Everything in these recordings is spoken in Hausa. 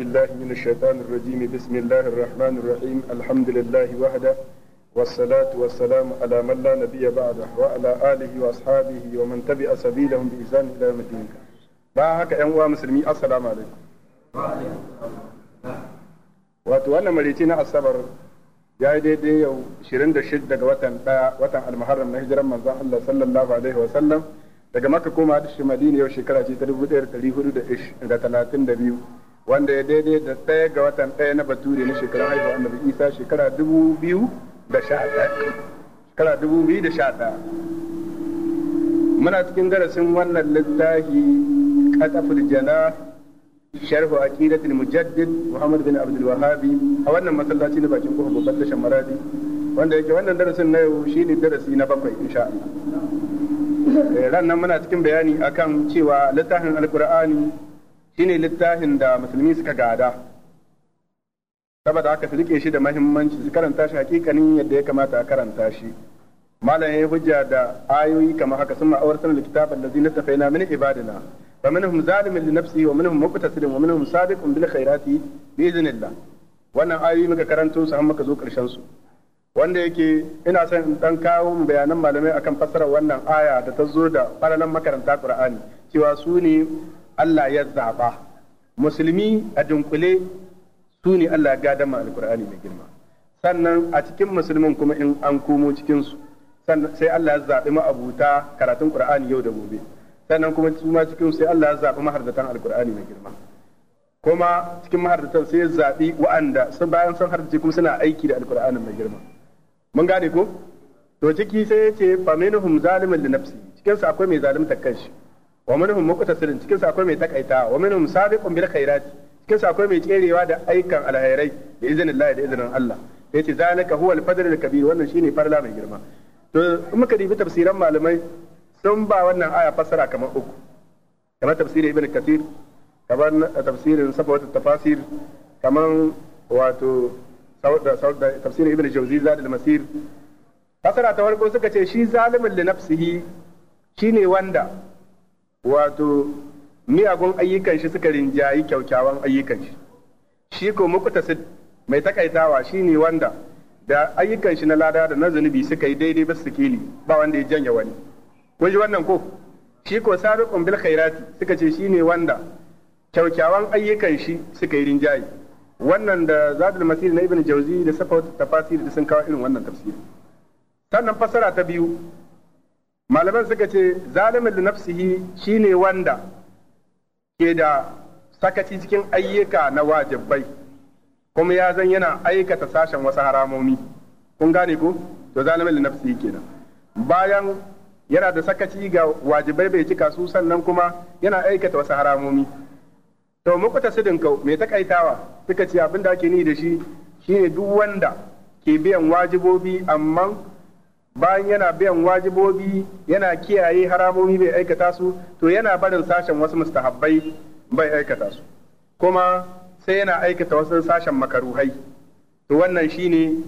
بالله من الشيطان الرجيم بسم الله الرحمن الرحيم الحمد لله وحده والصلاة والسلام على من لا نبي بعده وعلى آله وأصحابه ومن تبع سبيلهم بإحسان إلى يوم الدين باهك أنواع مسلمي السلام عليكم wato wannan marici na asabar ya yi daidai yau 26 ga watan ɗaya watan almuharram na hijiran manzon Allah sallallahu alaihi wa sallam daga maka koma da shi madina yau shekara ce ta 1432 wanda ya daidai da ɗaya ga watan ɗaya na bature na shekarar haihuwa annabi isa shekara dubu biyu da sha ɗaya shekara dubu biyu da sha ɗaya muna cikin darasin wannan littafi kataful jana sharhu aqidatul mujaddid muhammad bin abdul wahabi a wannan masallaci na bakin kofar babban tashar maradi wanda yake wannan darasin na yau shine darasi na bakwai insha Allah eh, ran nan muna cikin bayani akan cewa littafin alqur'ani Shi ne littafin da musulmi suka gada saboda haka su rike shi da mahimmanci su karanta shi hakikanin yadda ya kamata a karanta shi malam yayi hujja da ayoyi kamar haka sun ma'awarsan littafin da zina na mini ibadina fa minhum zalimin li nafsihi wa minhum muqtasidin wa minhum sabiqun bil khairati bi idhnillah wannan ayoyi muka karanta su har muka zo karshen su wanda yake ina son in dan kawo mu bayanan malamai akan fassarar wannan aya da ta zo da falalan makaranta Kur'ani cewa su ne Allah ya zaɓa musulmi a dunkule su ne Allah gadama alkur'ani mai girma sannan a cikin musulmin kuma in an komo cikinsu sai Allah ya zaɓi ma'abuta karatun ƙur'ani yau da gobe sannan kuma su ma cikin sai Allah ya zaɓi maharzatan alkur'ani mai girma kuma cikin maharzatan sai ya zaɓi wa'anda sun bayan sun hardace kuma suna aiki da alkur'ani mai girma mun gane ko to ciki sai ya ce fa zalimin li nafsi cikin akwai mai zalimta kanshi wa minhum muqtasidun cikin sakon mai takaita wa minhum sabiqun bil khairat cikin sakon mai tserewa da aikan alhairai da iznillahi da izinin Allah yace zalika huwa al-fadl al-kabir wannan shine farla mai girma to in muka dibi tafsiran malamai sun ba wannan aya fassara kamar uku kamar tafsirin ibn kathir kamar tafsirin sabawat tafasir kamar wato tafsirin ibn jawzi zadul masir fassara ta farko suka ce shi zalimin li nafsihi shine wanda wato miyagun ayyukan shi suka rinjayi kyaukyawan ayyukan shi shi ko muqtasid mai takaitawa shine wanda da ayyukan shi na lada da na zunubi suka yi daidai ba sikili ba wanda ya janya wani kun ji wannan ko shi ko sabiqun bil khairati suka ce shine wanda kyaukyawan ayyukan shi suka yi rinjayi wannan da zadul masir na ibn jauzi da safa tafasir da sun kawo irin wannan tafsiri sannan fasara ta biyu malaman suka ce zalimin da nafsihi ne wanda ke da sakaci cikin ayyuka na wajibai kuma ya zan yana aikata sashen wasu haramomi kun gane ko to zalimin da nafsihi kenan bayan yana da sakaci ga wajibai bai cika su sannan kuma yana aikata wasu haramomi to ta sidin kau mai takaitawa suka ce abin da ake ni da shi shine duk wanda ke biyan wajibobi amma bayan yana biyan wajibobi yana kiyaye haramomi bai aikata su to yana barin sashen wasu mustahabbai bai aikata su kuma sai yana aikata wasu sashen makaruhai to wannan shine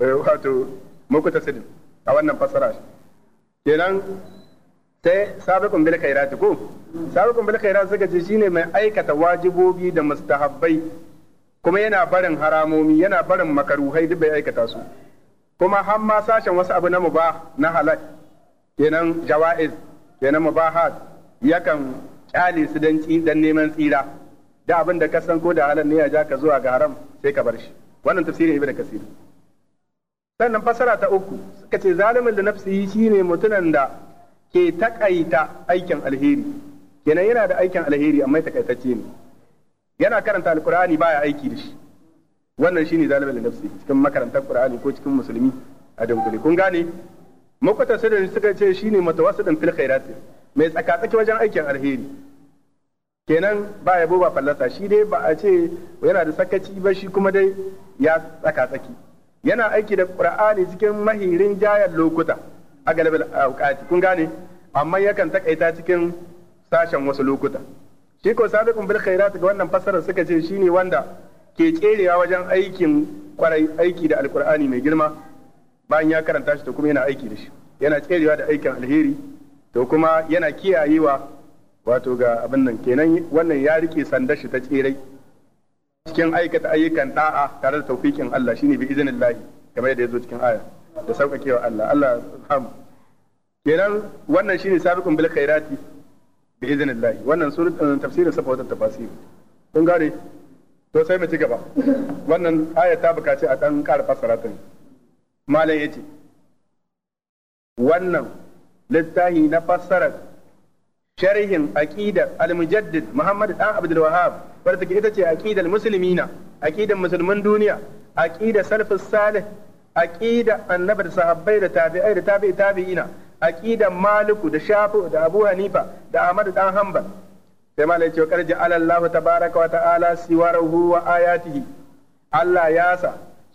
eh, wato mukuta sidin a wannan fassara kenan sai sabiqun bil khairati ko sabiqun bil khairati suka ce shine mai aikata wajibobi da mustahabbai kuma yana barin haramomi yana barin makaruhai duk bai aikata su kuma har ma sashen wasu abu na mubah na halal kenan jawa'iz kenan mubahat yakan kyale su dan dan neman tsira da abin da ka san ko da halal ne ya ja ka zuwa ga haram sai ka bar shi wannan tafsirin ibnu kasir sannan fasara ta uku suka ce zalimin da shi shine mutunan da ke takaita aikin alheri kenan yana da aikin alheri amma takaitacce ne yana karanta alkur'ani baya aiki da shi wannan shine da nafsi cikin makarantar qur'ani ko cikin musulmi a dunkule kun gane makwata da suka ce shine mutawassidan fil khairat mai tsaka wajen aikin alheri kenan ba yabo ba fallasa shi dai ba a ce yana da sakaci ba shi kuma dai ya tsaka tsaki yana aiki da qur'ani cikin mahirin jayar lokuta a galibal auqati kun gane amma yakan takaita cikin sashen wasu lokuta shi ko sabiqun bil khairat ga wannan fasarar suka ce shine wanda ke kerewa wajen aikin kwarai aiki da alkur'ani mai girma bayan ya karanta shi to kuma yana aiki da shi yana tserewa da aikin alheri to kuma yana kiyayewa wato ga abin nan kenan wannan ya rike sandar shi ta tserai cikin aikata ayyukan da'a tare da taufikin Allah shine bi iznillah kamar yadda zo cikin aya da saukakewa Allah Allah subhanahu kenan wannan shine sabiqun bil khairati bi iznillah wannan suratun eh, tafsirin safa wata kun gare to sai mu ci gaba wannan aya ta bukaci a dan ƙara fassara ta malam yace wannan littahi na fassarar sharhin aqidar al-mujaddid Muhammad dan Abdul Wahhab wanda take ita ce aqidar muslimina aqidar musulman duniya aqidar salafus salih aqida annabi da sahabbai da tabi'ai da tabi'i tabi'ina aqidar maliku da shafi'u da abu hanifa da ahmad dan hanbal sai ma lai ce kar ja'ala Allah tabaraka wa ta'ala siwarahu wa ayatihi Allah ya sa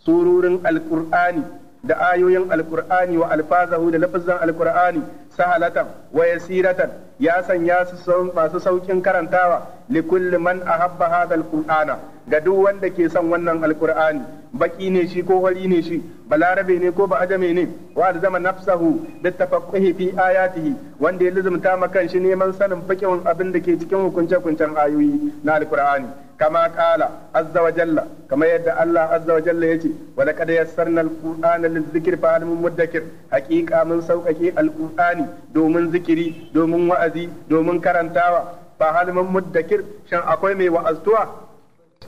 sururin alqur'ani da ayoyin alkur'ani wa alfazahu da lafazan alkur'ani sahalatan wa yasiratan ya sanya su masu saukin karantawa li kulli man ahabba hadha alqur'ana ga duk wanda ke son wannan alkur'ani baki ne shi ko wari ne shi balarabe ne ko ba ajame ne wa zama nafsahu da tafaqquhi fi ayatihi wanda ya lazumta ma shi neman sanin fiqhin abin da ke cikin hukunce-hukuncen ayoyi na alkur'ani kama ƙala, azza wa jalla kama yadda Allah azza ya ce, yace wa laqad yassarna al-qur'ana lizikri fa hal mudakkir haqiqa mun sauƙaƙe al-qur'ani domin zikiri domin wa'azi domin karantawa fa hal mudakkir shan akwai mai wa'aztuwa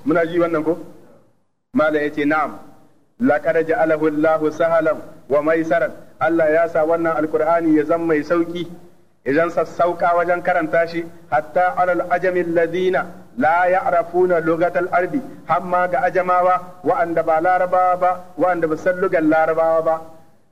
muna ji wannan ko mala yace na'am laqad ja'alahu Allahu sahalan wa maisaran Allah ya sa wannan alqur'ani ya zama mai sauƙi. idan sassauka wajen karanta shi hatta alal la'zina, alladhina la arafuna lugatal arbi, hamma ga ajamawa wa'anda ba larabawa ba wa'anda ba san lugar larabawa ba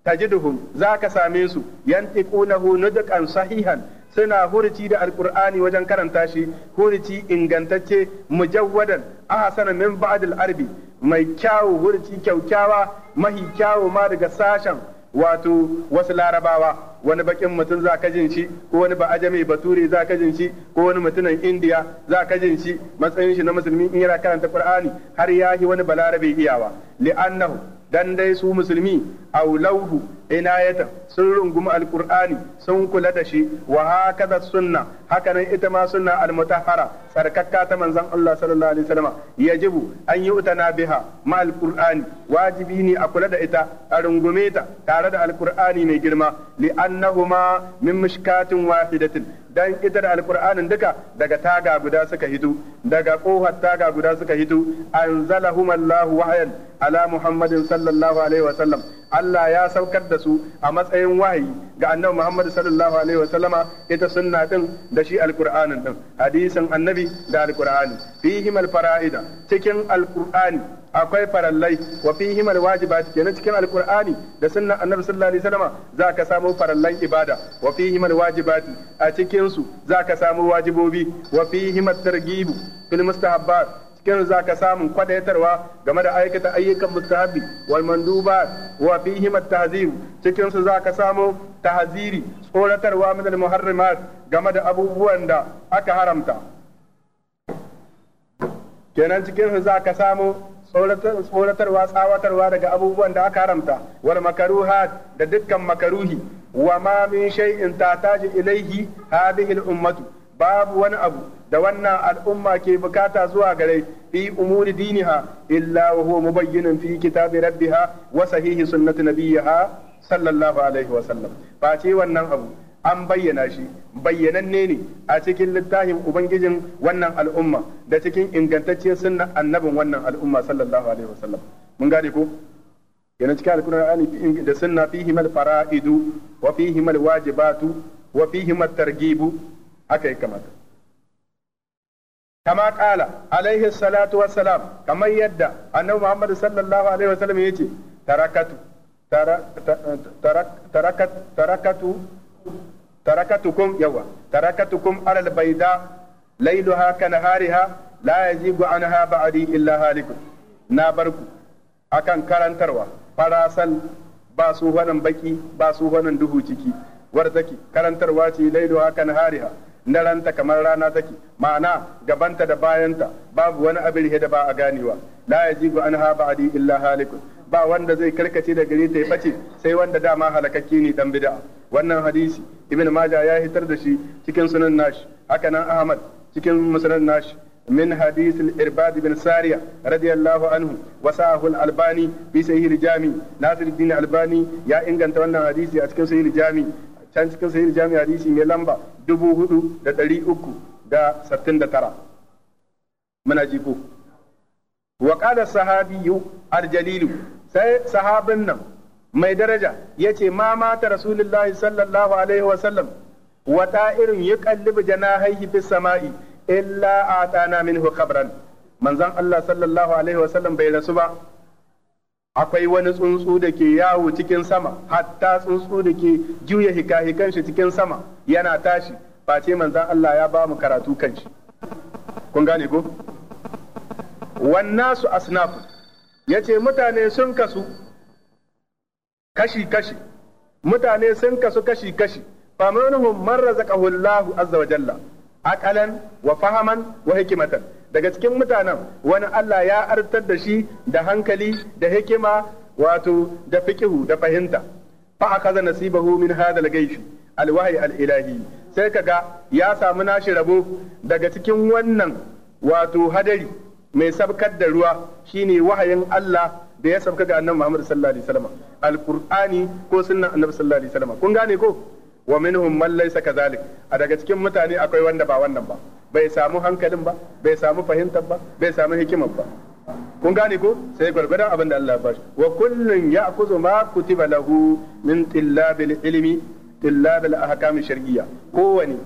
tajiduhum ka same su yantiqunahu nudqan sahihan suna hurici da alqur'ani wajen karanta shi hurici ingantacce mujawwadan ahsana min ba'd arbi mai kyawu hurici kyaukyawa mahi kyawu ma daga sashen wato wasu larabawa wani bakin mutum za ka jin shi ko wani ba ajami ture za ka jin shi ko wani mutumin indiya za ka jin shi matsayin shi na musulmi in yana karanta qur'ani har yahi wani balarabe iyawa li'annahu dan dai su musulmi aulauhu inayatan sun rungumi alqur'ani sun kula da shi wa hakaza sunna hakanan ita ma sunna almutahhara sarkakka ta manzon Allah sallallahu alaihi wasallam yajibu an yi utana biha ma alqur'ani wajibi ne a kula da ita a rungume ta tare da alqur'ani mai girma li annahuma min mishkatin wahidatin dan itar alqur'anin duka daga taga guda suka hito daga kohar taga guda suka hito anzalahum Allah wahyan ala Muhammadin sallallahu alaihi wasallam Allah ya saukar da su a matsayin wahayi ga annabi Muhammad sallallahu alaihi wasallama ita sunna din da shi alqur'anin din hadisin annabi da alqur'ani fihim fara'ida cikin alqur'ani akwai farallai wa fihi mal wajibat kenan cikin alqur'ani da sunnan annabi sallallahu alaihi wasallam ka samu farallan ibada wa fihi mal wajibati a cikin su ka samu wajibobi wa fihi mat targhib fil mustahabbat cikin ka samu kwadaitarwa game da aikata ayyukan mustahabbi wal mandubat wa fihi himar tahzir cikin su ka samu tahziri tsoratarwa min al muharramat game da abubuwan da aka haramta kenan cikin su ka samu tsoratarwa tsawatarwa daga abubuwan da aka haramta wal da dukkan makaruhi wa ma min shay'in tataji ilaihi hadhihi al ummatu babu wani abu da wannan al'umma ke bukata zuwa gare fi umuri diniha illa wa huwa mubayyinun fi kitabi rabbiha wa sahihi sunnati nabiyha sallallahu alaihi wa sallam face wannan abu an bayyana shi bayyananne ne a cikin littafin ubangijin wannan al'umma da cikin ingantacciyar sunna annabin wannan al'umma sallallahu alaihi wasallam mun gane ko yana cikin alkur'ani da sunna fihi mal fara'idu wa fihi mal wajibatu wa fihi mat targibu haka ya kamata kama kala alaihi salatu wassalam kamar yadda annabi Muhammad sallallahu alaihi wasallam yace tarakatu tarakatu tarakatukum yawa tarakatukum alal baida lailuha kanahariha la yazigu anha ba'di illa halikun na barku akan karantarwa farasal ba su wannan baki ba su wannan duhu ciki warzaki karantarwa ce lailuha kanahariha na ranta kamar rana take ma'ana gabanta da bayanta babu wani abin da ba a ganewa la illa halikun ba wanda zai karkace da gare ta ya bace sai wanda dama halakakke ne dan bid'a wannan hadisi ibn majah ya hitar da shi cikin sunan nashi haka nan ahmad cikin musnad nashi من irbad bin Sariya radiyallahu anhu الله عنه وساه الألباني في سهيل الجامي ناصر الدين الألباني يا إن كنت وانا حديثي أتكن سهيل الجامي Can cikin sahih jami'a hadisi mai lamba dubu hudu da ɗari uku da da tara muna ji wa qala al aljalilu sai sahabin nan mai daraja ya ce, ma mata rasulullahi sallallahu alaihi wa sallam wa da'irin yuqallibu haihi fi sama'i illa a atana minhu khabran manzan Allah sallallahu alaihi wa sallam bai rasu ba akwai wani tsuntsu da ke yawo cikin sama hatta tsuntsu da ke juya hikahikan shi cikin sama yana tashi face manzan Allah ya ba mu karatu kan shi kun gane ko wannan su asnafu yace mutane sun kasu kashi-kashi mutane sun kasu kashi-kashi famanhum man razaqahu Allahu azza wa jalla aqalan wa fahaman wa hikimata. daga cikin mutanen wani Allah ya artar da shi da hankali da hikima wato da fikihu da fahimta fa akaza nasibahu min hadha al al-wahyi al-ilahi sai kaga ya samu nashi rabo daga cikin wannan wato hadari mai sabkar da ruwa shine wahayin Allah da ya sauka ga annabi Muhammad sallallahu alaihi wasallam alqur'ani ko sunnan annabi sallallahu alaihi wasallam kun gane ko wa minhum man laysa kadhalik a daga cikin mutane akwai wanda ba wannan ba bai samu hankalin ba bai samu fahimtar ba bai samu hikimar ba kun gane ko sai gwargwadon abin da Allah ya bashi wa kullun ya'khudhu ma kutiba lahu min tillabil ilmi tillabil ahkam shar'iyya kowani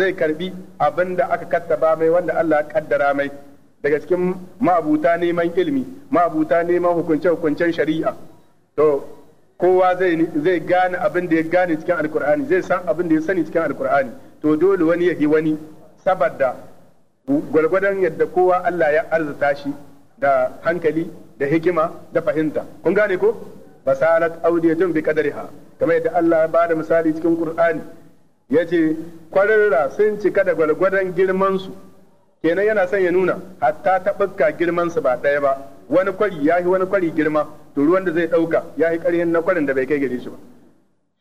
zai karbi abin da aka kattaba mai wanda Allah ya kaddara mai daga cikin ma'abuta neman ilimi ma'abuta neman hukunce-hukuncen shari'a to kowa zai gane abin da ya gane cikin alkur'ani zai san abin da ya sani cikin alkur'ani to dole wani yi wani saboda gwargwadon yadda kowa Allah ya arzata shi da hankali da hikima da fahimta kun gane ko basalat audiyatun bi qadariha kamar yadda Allah ya bada misali cikin Qur'ani yace kwararra sun cika da gwargwadon girman su kenan yana son ya nuna hatta ta fuska girman su ba ɗaya ba wani kwari ya yi wani kwari girma to ruwan da zai ɗauka ya yi ƙarhin na kwarin da bai kai gare shi ba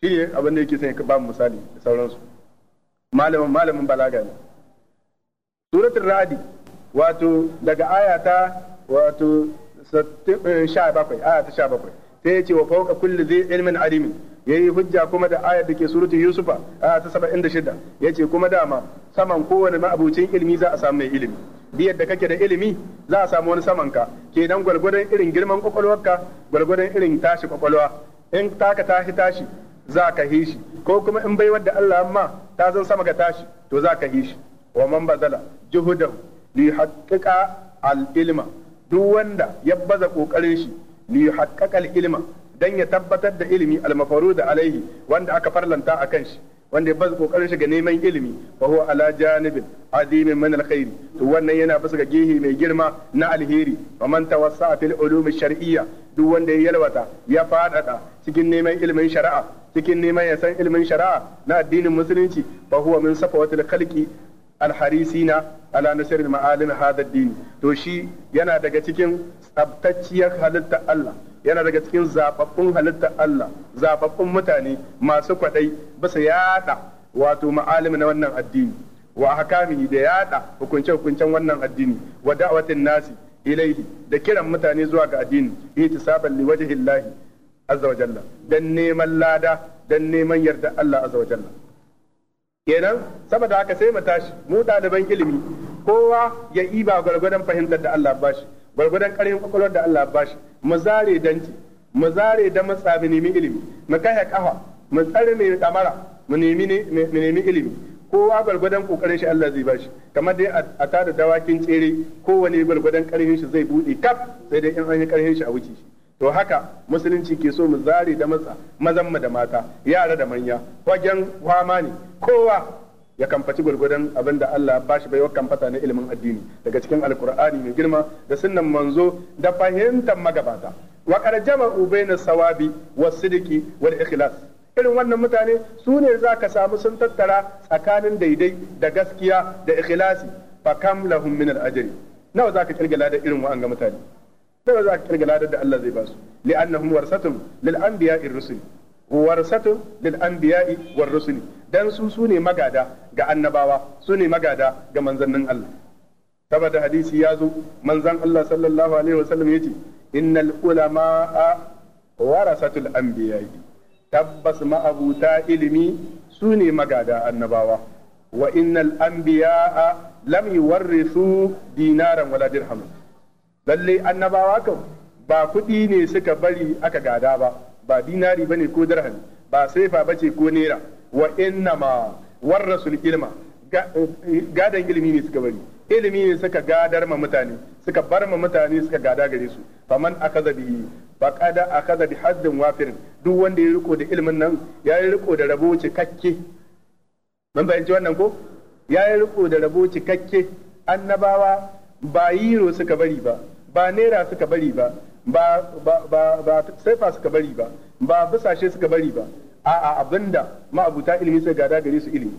shi ne abin da yake son ya ba mu misali da sauransu malamin malamin balaga ne suratul radi wato daga ayata wato 17 eh, ta 17 sai ya ce wa fawqa kulli zai ilmin alimin yayi hujja kuma da ayar da ke surutu yusufa a ta ya ce kuma dama saman kowane ma'abucin ilimi za a samu mai ilimi biyar da kake da ilimi za a samu wani saman ka kenan gwargwadon irin girman kwakwalwarka gwargwadon irin tashi kwakwalwa in taka tashi tashi za ka hi shi ko kuma in bai wadda Allah amma ta zan sama ka tashi to za ka hi shi wa man bazala juhudahu li haqqiqa al duk wanda ya baza kokarin shi li haqqiqa al dan ya tabbatar da ilimi al da alaihi wanda aka farlanta kan shi wanda ya bazu kokarin shiga neman ilimi fa huwa ala janibin azimin min to wannan yana bisa ga gehe mai girma na alheri fa man tawassa fil ulum shar'iyya duk wanda ya yalwata ya fadada cikin neman ilimin shari'a cikin neman ya san ilimin shari'a na addinin musulunci fa huwa min safawatil khalqi alharisina ala nasr ma'alim hadha ad-din to shi yana daga cikin tsabtacciyar halitta Allah yana daga cikin zababbun halitta Allah zababbun mutane masu kwadai bisa yada wato ma'alimi na wannan addini wa hakamihi da yada hukunce hukuncen wannan addini wa da'watin nasi ilaihi da kiran mutane zuwa ga addini ihtisaban li wajhi Allah azza wa jalla dan neman lada dan neman yarda Allah azza wa jalla kenan saboda haka sai mu tashi mu ɗaliban ilimi kowa ya iba gwargwadon fahimtar da Allah bashi gwargwadon ƙarfin kwakwalwar da Allah ba shi mu zare danci mu zare da mu nemi ilimi mu kashe kafa mu tsare mai kamara mu nemi mu nemi ilimi kowa gwargwadon kokarin shi Allah zai ba shi kamar dai a tada dawakin tsere kowane gwargwadon karfin shi zai bude kaf sai dai in an yi karfin shi a wuce shi to haka musulunci ke so mu zare da matsa mazan da mata yara da manya wajen kwama ne kowa ya kamfaci gwargwadon abin da Allah ba shi baiwa kamfata na ilimin addini daga cikin alkur'ani mai girma da sunnan manzo da fahimtar magabata wa qarjama ubaina sawabi was sidiki wal ikhlas irin wannan mutane su ne za ka samu sun tattara tsakanin daidai da gaskiya da ikhlasi fa kam lahum min al ajri nawa za ka kirgala da irin ga mutane nawa za ka kirgala da Allah zai ba su li'annahum warsatun lil anbiya'i rusul warasatu lil anbiya'i war rusuli dan su sune magada ga annabawa sune magada ga manzannin Allah saboda hadisi ya zo manzan Allah sallallahu alaihi wasallam yace innal ulama warasatul anbiya'i tabbas ma'abuta ilimi sune magada annabawa wa innal anbiya'a lam yuwarrisu dinaran wala dirhaman lalle annabawa kan ba kuɗi ne suka bari aka gada ba ba dinari bane ko dirhami ba saifa bace ko naira wa innama rasul ilma eh, gadan ilimi ne suka bari ilimi ne suka gadar ma mutane suka bar ma mutane suka gada gare su faman akaza bi faqad akaza bi haddin wafirin duk wanda ya riko da ilimin nan ya riko da rabo cikakke mun bayyana wannan ko ya yi riko da rabo cikakke annabawa ba yiro suka bari ba ba naira suka bari ba ba ba ba sai fa suka bari ba ba busashe suka bari ba a'a abinda ma'abuta ilimi sai gada gare su ilimi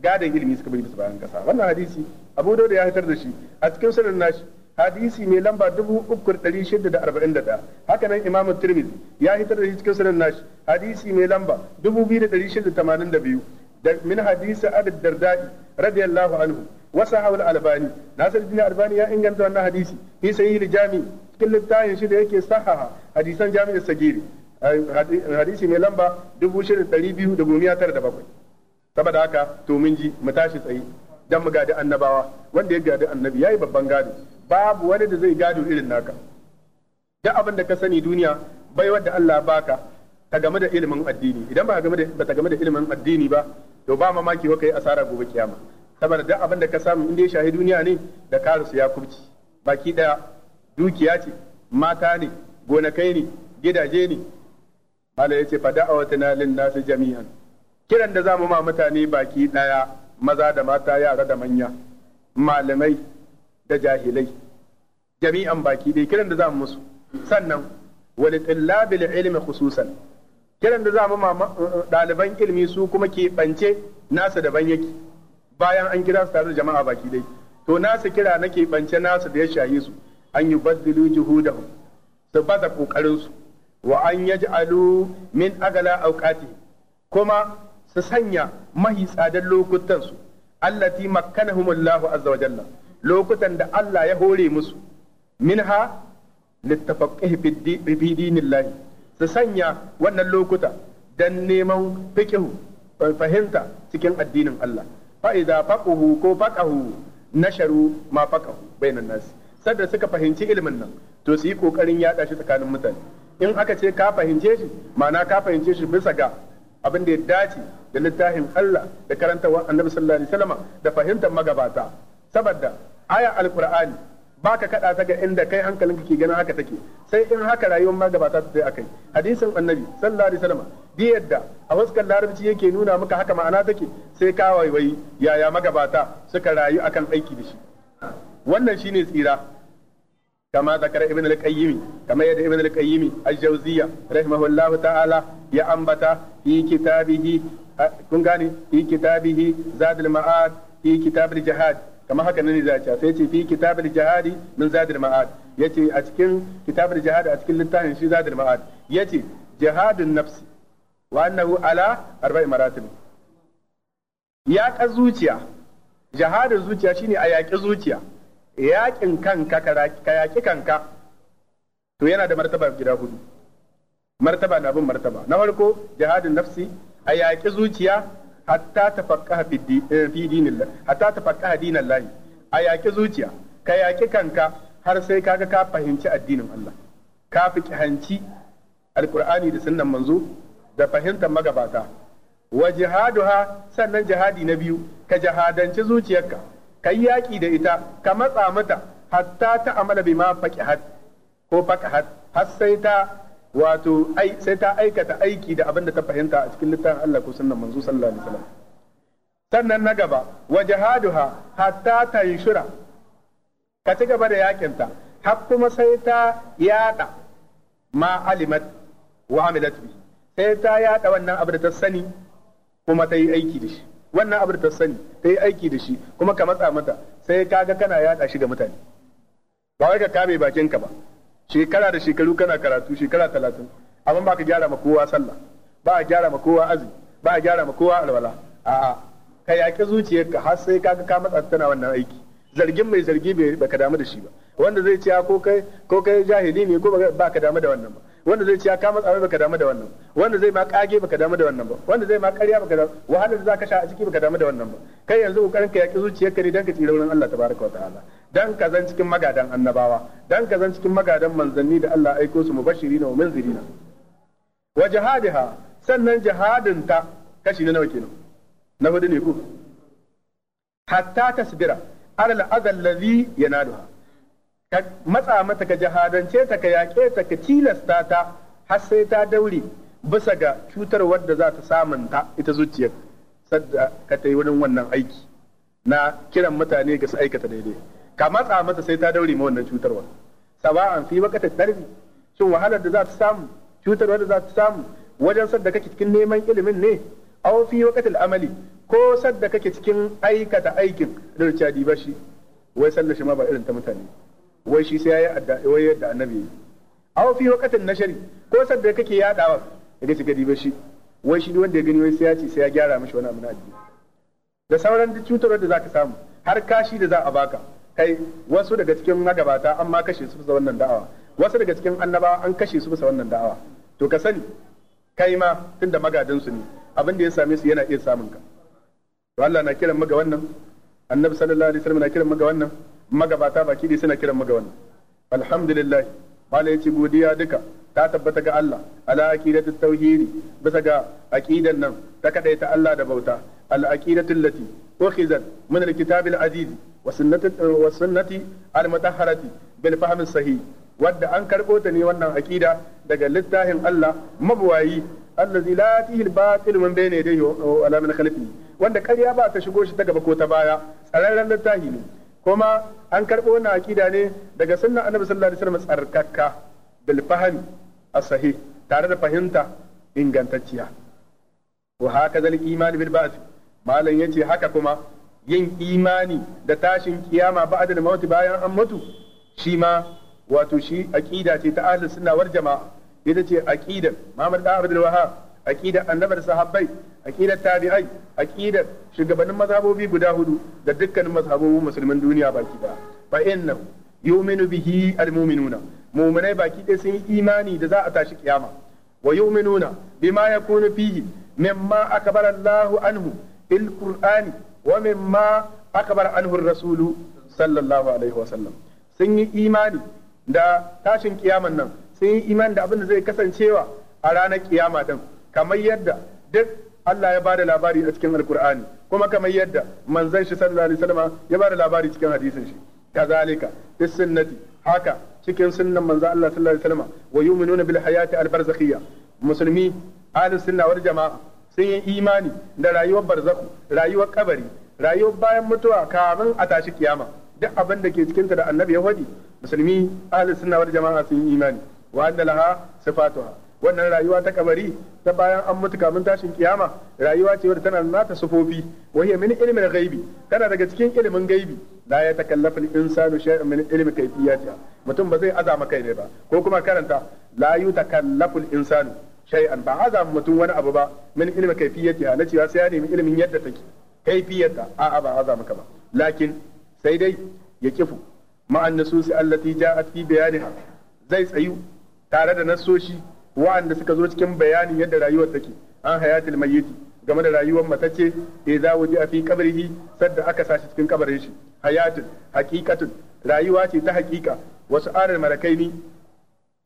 gadan ilimi suka bari su bayan kasa wannan hadisi Abu da ya hitar da shi a cikin sunan nashi hadisi mai lamba 3641 haka nan Imam Tirmidhi ya hitar da shi cikin sunan nashi hadisi mai lamba 2682 min hadisi Abi Darda'i radiyallahu anhu wa sahahu al-Albani Nasir bin Albani ya inganta wannan hadisi fi sahih al-Jami' cikin littafin shi da yake sahaha hadisan jami'ar sagiri hadisi mai lamba dubu shirin biyu da da gumiya tara bakwai saboda haka to mun ji mu tashi tsaye dan mu gadi annabawa wanda ya gadi annabi yayi babban gado babu wani da zai gado irin naka duk abin da ka sani duniya bai wanda Allah baka ta game da ilimin addini idan ba game da ba ta game da ilimin addini ba to ba mamaki wa kai asara gobe kiyama saboda duk abin da ka samu inda ya shahi duniya ne da karasu ya kubci baki daya dukiya ce mata ne gonakai ne gidaje ne mala yace fa da'awatuna lin nasi jami'an kiran da zamu ma mutane baki daya maza da mata yara da manya malamai da jahilai jami'an baki dai kiran da zamu musu sannan wali tillabil ilmi khususan kiran da zamu ma ɗaliban ilmi su kuma ke bance nasa daban yake bayan an kira su tare da jama'a baki dai to nasa kira nake bance nasa da ya shahi su an yi juhudahum su baza kokarin su wa an yaj'alu min agala awqati kuma su sanya mahi tsadar lokutan su allati makkanahumullahu azza wa jalla lokutan da Allah ya hore musu minha littafaqih fi dinillahi su sanya wannan lokuta dan neman fiqhu fahimta cikin addinin Allah fa idza faqahu ko faqahu nasharu ma faqahu bainan nasi sadda suka fahimci ilimin nan to su yi kokarin yaɗa shi tsakanin mutane in aka ce ka fahimce shi ma'ana ka fahimce shi bisa ga abin da ya dace da littafin Allah da karantawa Annabi sallallahu alaihi wasallam da fahimtar magabata saboda aya alqur'ani baka kada ta ga inda kai hankalinka ke ganin haka take sai in haka rayuwar magabata ta akai hadisin annabi sallallahu alaihi wasallam bi yadda a wasu larabci yake nuna maka haka ma'ana take sai ka waiwai yaya magabata suka rayu akan aiki da shi wannan shine tsira kama zakar ibn al-qayyim kama yadda ibn al-qayyim al-jawziyya rahimahullahu ta'ala ya ambata fi kitabihi kun gane fi kitabihi zadul ma'ad fi kitabil jihad kama haka ne za sai ce fi kitabil jihad min zadul ma'ad yace a cikin kitabil jihad a cikin littafin shi zadul ma'ad yace jihadun nafsi wa annahu ala arba'i maratib ya ka zuciya jihadin zuciya shine a yaƙi zuciya yaƙin kanka ka yaƙi kanka to yana da martaba gida hudu martaba na bin martaba na farko jihadin nafsi a yaƙi zuciya hatta tafaqaha fi eh, dinillah hatta tafaqaha dinallah a yaƙi zuciya ka yaƙi kanka har sai kaga ka fahimci addinin Allah ka hanci, alqur'ani da sunnan manzo da fahimtar magabata wa jihaduha sannan jihadi na biyu ka jahadanci zuciyarka Kai yaƙi da ita ka matsa mata hatta ta amala bima faqihat ko har sai ta wato ai sai ta aikata aiki da abin da ta fahimta a cikin littafin Allah ko sunnan manzo sallallahu alaihi wasallam sannan na gaba wajahaduha jihaduha hatta tanshura ka ci gaba da yakinta har kuma sai ta yaɗa ma alimat wa amilat bi sai ta yaɗa wannan abin da ta sani kuma ta yi aiki da shi wannan abin ta sani ta yi aiki da shi kuma ka matsa mata sai kaga kana yaɗa shi ga mutane ba wai ka kame bakinka ba shekara da shekaru kana karatu shekara talatin amma ba ka gyara ma kowa sallah ba a gyara ma kowa azumi ba a gyara ma kowa alwala a'a ka yaƙi zuciyarka har sai kaga ka matsa tana wannan aiki zargin mai zargi bai ka damu da shi ba wanda zai ce ko kai ko kai jahili ne ko ba ka damu da wannan ba wanda zai ce ya kama tsaro baka damu da wannan wanda zai ma kage baka damu da wannan ba wanda zai ma ƙarya baka damu wahalar da zaka sha a ciki baka damu da wannan ba kai yanzu kokarin ka yaki zuciyarka ne dan ka tsira wurin Allah tabaraka wa ta'ala dan ka zan cikin magadan annabawa dan ka zan cikin magadan manzanni da Allah aiko su mubashirina wa munzirina wa jihadiha sannan jihadin ta kashi na nawa kenan na hudu ne ku hatta tasbira ala al-adha alladhi yanaduha ka matsa mata ka jihadance ta ka yaƙe ta ka tilasta ta har sai ta daure bisa ga cutarwar da za ta samunta ita zuciyar sadda ka ta yi wurin wannan aiki na kiran mutane ga su aikata daidai ka matsa mata sai ta daure ma wannan cutarwar. saba'an fi wakatar darbi shin wahalar da za ta samu cutarwar da za ta samu wajen sadda kake cikin neman ilimin ne aw fi waqtil amali ko sadda kake cikin aikata aikin da ba bashi wai sallar shi ma ba irin ta mutane wai shi sai yayi adda wai yadda annabi yi aw fi waqatin nashari ko sabbe kake yadawa da shi gadi ba shi wai shi wanda ya gani wai sai ya ci sai ya gyara mishi wani abu na addini da sauran duk cutarwar da zaka samu har kashi da za a baka kai wasu daga cikin magabata an ma kashe su bisa wannan da'awa wasu daga cikin annabawa an kashe su bisa wannan da'awa to ka sani kai ma tunda magadin su ne abin da ya same su yana iya samun ka to Allah na kiran maga wannan annabi sallallahu alaihi wasallam na kiran maga wannan magabata baki dai suna kiran mu ga wannan alhamdulillah mala yace godiya duka ta tabbata ga Allah ala aqidatu tauhidi bisa ga aqidan nan ta kadaita Allah da bauta al aqidatu allati ukhizat min al kitab al aziz wa sunnati wa sunnati al mutahharati bil fahm sahih wadda an karbo ta ne wannan aqida daga littafin Allah mabuwayi allazi la yatihi al batil min bayni yadayhi wa ala min khalfihi wanda ƙarya ba ta shigo shi ta gaba ko ta baya tsararren littafi ne kuma an karɓo wannan akida ne daga sunnan annabi sallallahu alaihi wasallam tsarkakka bil fahmi as tare da fahimta ingantacciya wa haka zal iman bil ba'th malan yace haka kuma yin imani da tashin kiyama ba'da da mauti bayan an mutu shi ma wato shi aqida ce ta ahlus sunna wal jama'a ita ce aqidar Muhammad da Abdul Wahhab aqidar annabar da sahabbai aqidar tabi'ai aqidar shugabannin mazhabobi guda hudu da dukkanin mazhabobin musulman duniya baki daya fa innahu yu'minu bihi almu'minuna mu'minai baki ɗaya sun yi imani da za a tashi kiyama wa yu'minuna bima yakunu fihi mimma akbara Allahu anhu fil qur'ani wa mimma akbara anhu rasulu sallallahu alaihi wa sallam sun yi imani da tashin kiyaman nan sun yi imani da abin da zai kasancewa a ranar kiyama din kamar yadda duk Allah ya bada labari a cikin alkur'ani kuma kamar yadda manzon shi sallallahu alaihi wasallam ya bada labari cikin hadisin shi kazalika bis sunnati haka cikin sunnan manzon Allah sallallahu alaihi wasallam wa yu'minuna bil hayati al barzakhiyya musulmi ahlus sunna wal jama'a sun yi imani da rayuwar barzakhu rayuwar kabari rayuwar bayan mutuwa kamin a tashi kiyama duk abin da ke cikinta da annabi ya faɗi musulmi ahlus sunna wal jama'a sun yi imani wa anna laha sifatuha wannan rayuwa ta kabari ta bayan an mutu kamun tashin kiyama rayuwa ce wadda tana nata sufofi wa hiya min ilmin ghaibi tana daga cikin ilimin gaibi la ya takallafa al-insanu shay'an min ilmi kayfiyatiha mutum ba zai azama kai ne ba ko kuma karanta la yutakallafu al-insanu shay'an ba azama mutum wani abu ba min ilmi kayfiyatiha na cewa sai ya nemi ilimin yadda take kaifiyarta a'a ba azama ka ba lakin sai dai ya kifu ma'an nasusi allati ja'at fi bayaniha zai tsayu tare da nasoshi wa'anda suka zo cikin bayanin yadda rayuwar take an hayatul mayyiti game da rayuwar matacce waje wuji fi kabarihi sadda aka sashi cikin kabarin shi hayatul haqiqatul rayuwa ce ta haqiqa wasu arar ne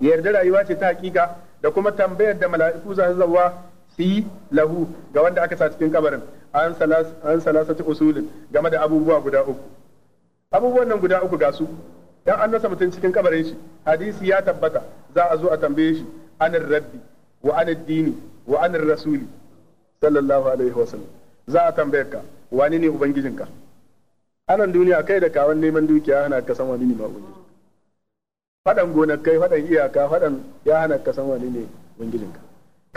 yarda rayuwa ce ta haqiqa da kuma tambayar da mala'iku za su zawa su yi lahu ga wanda aka sa cikin kabarin an salas an usulin game da abubuwa guda uku abubuwan nan guda uku ga su dan an nasa mutum cikin kabarin shi hadisi ya tabbata za a zo a tambaye shi anin rabbi wa anin dini wa anin rasuli sallallahu alaihi wa sallam za a tambaye ka wani ne ubangijinka anan duniya kai da kawan neman dukiya hana ka san wani ne ma ubangiji fadan gonakai fadan iyaka fadan ya hana ka san wani ne ubangijinka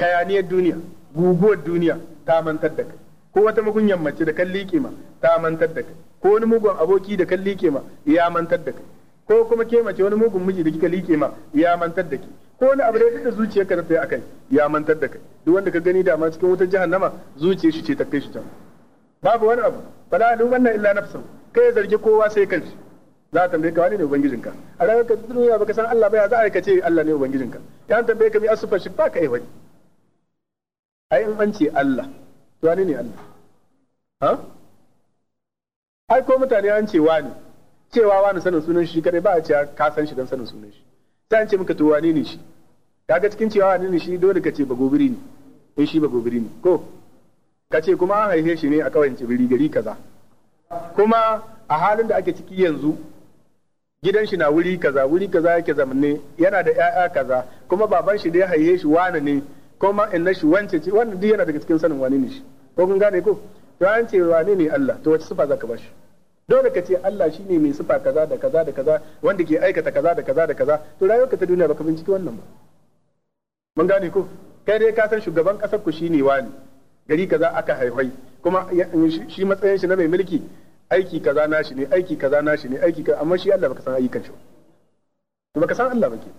kayaniyar duniya guguwar duniya ta mantar da kai ko wata mugunyan mace da kan liƙe ma ta mantar da kai ko wani mugun aboki da kan liƙe ma ya mantar da kai ko kuma ke mace wani mugun miji da kika liƙe ma ya mantar da kai ko wani abu da zuciyar ka ta tsaye akai ya mantar da kai duk wanda ka gani dama cikin wutar jahannama zuciyar shi ce ta kai shi can babu wani abu fala alu wannan illa nafsu kai zargi kowa sai kanshi za a tambaye ka wani ne ubangijinka a ranar ka duniya baka san Allah ba ya za a ce Allah ne ubangijinka ya tambaye ka mi asufa shi ba ka yi wani ai in an ce Allah to wani ne Allah ha ai ko mutane an ce wani cewa wani sanin sunan shi kadai ba a ce ka san shi dan sanin sunan shi ta ce maka to wane ne shi kaga cikin cewa wane ne shi dole ka ce ba gobiri ne in eh, shi ba gobiri ne ko ka ce kuma an haife shi ne a kawai biri gari kaza kuma a halin da ake ciki yanzu gidan shi na wuri kaza wuri kaza yake zamanne yana da ƴaƴa kaza kuma baban shi da ya haife shi wane ne kuma inna shi wance ce wannan duk yana daga cikin sanin wane ne shi ko kun gane ko to an ce wane ne Allah to wace sifa zaka bashi shi dole ka ce Allah shine mai sifa kaza da kaza da kaza wanda ke aikata kaza da kaza da kaza to rayuwarka ta duniya baka binciki wannan ba mun gane ko kai dai ka san shugaban kasar ku shine wani gari kaza aka haihai kuma shi matsayin shi na mai mulki aiki kaza nashi ne aiki kaza nashi ne aiki kaza amma shi Allah baka san ayyukan shi to baka san Allah bake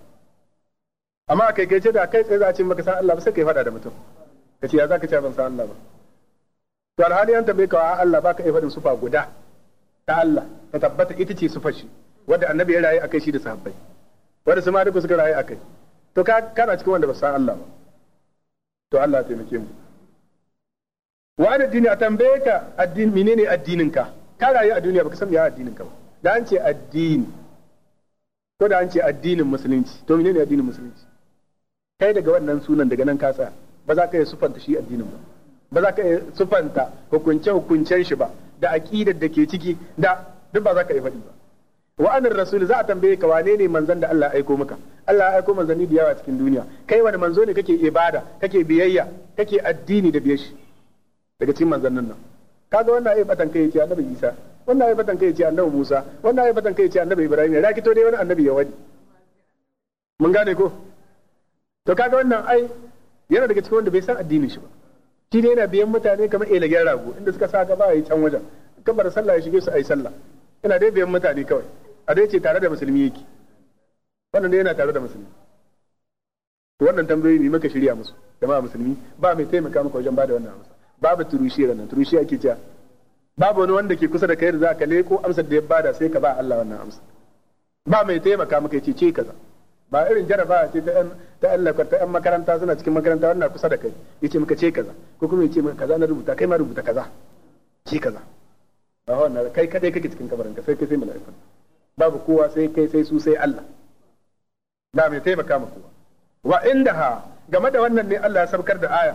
amma kai kai ce da kai tsaye za a ce baka san Allah ba sai kai fada da mutum kace ya zaka ce ban san Allah ba to alhali an tambaye ka Allah baka iya faɗin sufa guda ta Allah ta tabbata ita ce su fashi wanda annabi ya rayu akai shi da sahabbai wanda su ma duka suka rayu akai to ka kana cikin wanda ba san Allah ba to Allah ya taimake mu wa ana dini a tambaye ka addini menene addinin ka ka rayu a duniya baka san ya addinin ka ba da an ce addini ko da an ce addinin musulunci to menene addinin musulunci kai daga wannan sunan daga nan kasa ba za ka yi sufanta shi addinin ba ba za ka yi sufanta hukunce hukuncen shi ba da aqidar da ke ciki da duk ba za ka yi faɗi ba wa anar rasul za a tambaye ka wane ne manzon da Allah aiko maka Allah aiko manzanni da yawa cikin duniya kai wani manzo ne kake ibada kake biyayya kake addini da biyayya daga cikin manzannin nan kaga wannan ai fatan kai ce annabi Isa wannan ai fatan kai ce annabi Musa wannan ai fatan kai ce annabi Ibrahim ya kito dai wani annabi ya wani mun gane ko to kaga wannan ai yana daga cikin wanda bai san addinin shi ba shi ne yana biyan mutane kamar eh, gyara rago inda suka sa gaba yi can wajen kabar sallah ya shige su a yi sallah yana dai biyan mutane kawai a dai ce tare da musulmi yake wannan dai yana tare da musulmi wannan tambayoyi ne maka shirya musu jama'a musulmi ba mai taimaka maka wajen bada wannan amsa babu turushi nan turushi ake cewa babu wani wanda ke kusa da kai da za ka leko amsar da ya bada sai ka ba Allah wannan amsa ba mai taimaka maka ce ce kaza ba irin jaraba ce ta ta Allah ta yan makaranta suna cikin makaranta wannan kusa da kai yace maka ce kaza ko kuma yace maka kaza na rubuta kai ma rubuta kaza ce kaza ba wannan kai kadai kake cikin kabarin ka sai kai sai babu kowa sai kai sai su sai Allah ba mai taimaka kowa wa indaha game da wannan ne Allah ya saukar da aya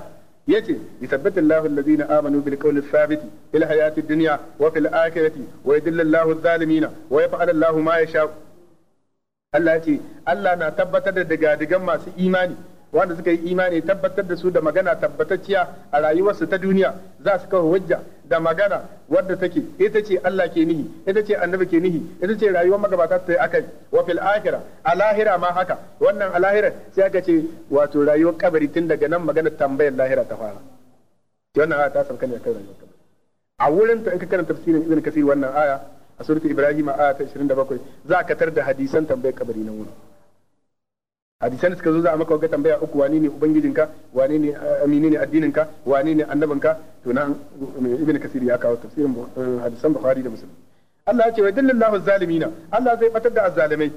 yace yuthabbitu Allahu alladhina amanu bil qawli thabiti fil hayati dunya wa fil akhirati wa yudillu Allahu adh-dhalimina wa yaf'alu Allahu ma yasha'u Allah ce Allah na tabbatar da digadigan masu imani wanda suka yi imani tabbatar da su da magana tabbatacciya a rayuwarsu ta duniya za su kawo hujja da magana wadda take ita ce Allah ke nihi ita ce annabi ke nihi ita ce rayuwar magabata ta yi akai wa fil akhira a ma haka wannan alahira sai aka ce wato rayuwar kabari tun daga nan magana tambayar lahira ta fara wannan aya ta sauka ne kan rayuwar kabari a wurin ta in ka karanta tafsirin ibn kasir wannan aya a suratu ibrahim a ta 27 za ka tar da hadisan tambayar kabari nan wurin hadisan suka zo za a maka ga tambaya uku wane ne ubangijinka wane ne eh, amini ne addininka wane ne annabinka to nan ibn kasir ya kawo tafsirin eh, hadisan bukhari da muslim Allah ya ce wa dillallahu zalimina Allah zai batar da azzalimai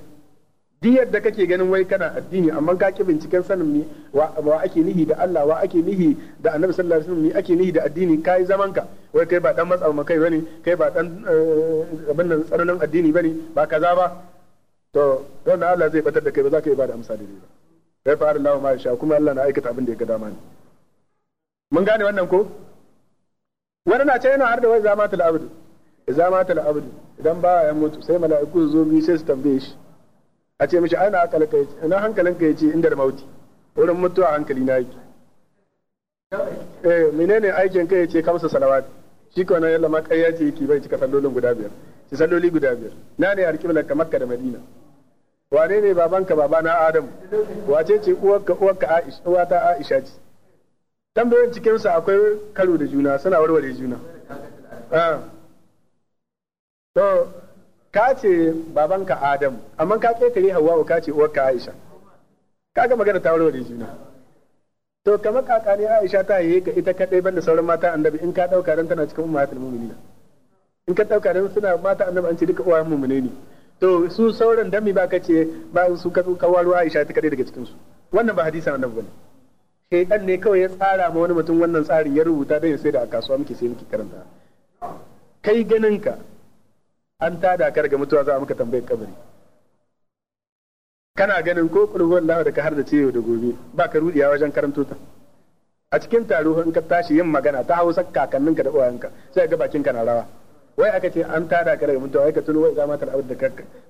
duk yadda kake ganin wai kana addini amma ka ki binciken sanin mi wa ake nihi da Allah wa ake nihi da Annabi sallallahu alaihi wasallam mi ake nihi da addini kai zaman ka wai kai ba dan matsa kai bane kai ba dan eh, abin nan tsananin addini bane ba kaza ba to don Allah zai batar da kai ba za ka yi ba da amsa da ba kai fa Allah ma sha kuma Allah na aikata abin da ya ga dama ne mun gane wannan ko wani na ce yana har da wai zamatul abdu zamatul abdu idan ba ya mutu sai mala'iku zo bi sai su tambaye shi a ce mishi ana akalka yace ina hankalinka yace inda da mauti wurin mutuwa hankali na yi. eh menene aikin kai yace kamsa salawat shi ko na yalla ma kayya ce yake bai cika sallolin guda biyar shi salloli guda biyar na ne alƙiblar ka makka da madina wane ne babanka babana adamu wace ce uwarka uwarka aisha uwata aisha ce tambayoyin cikin su akwai karo da juna suna warware juna ah. to ka ce babanka Adam amma ka ketare Hawwa ka ce uwarka Aisha kaga magana ta warware juna to kamar kaka ne Aisha ta yi ka ita kadai banda sauran mata annabi in ka dauka ran tana cikin ummatul mu'minin in ka dauka ran suna mata annabi an ce duka uwayen mu'mine ne to su sauran dami ba ka ce ba su ka waro Aisha ta kadai daga cikin su wannan ba hadisin annabi bane shaytan ne kawai ya tsara ma wani mutum wannan tsarin ya rubuta da ya sai da a kasuwa muke sai muke karanta kai ganin ka an tada ka daga mutuwa za a maka tambayar kabari kana ganin ko kulhuwan lawa da ka har da ciwo da gobe ba ka rudiya wajen karanto ta a cikin taro in ka tashi yin magana ta hausa kakanninka da uwayenka sai ga bakinka na rawa wai aka ce an tada ka daga mutuwa wai ka tuno wai ga matar abin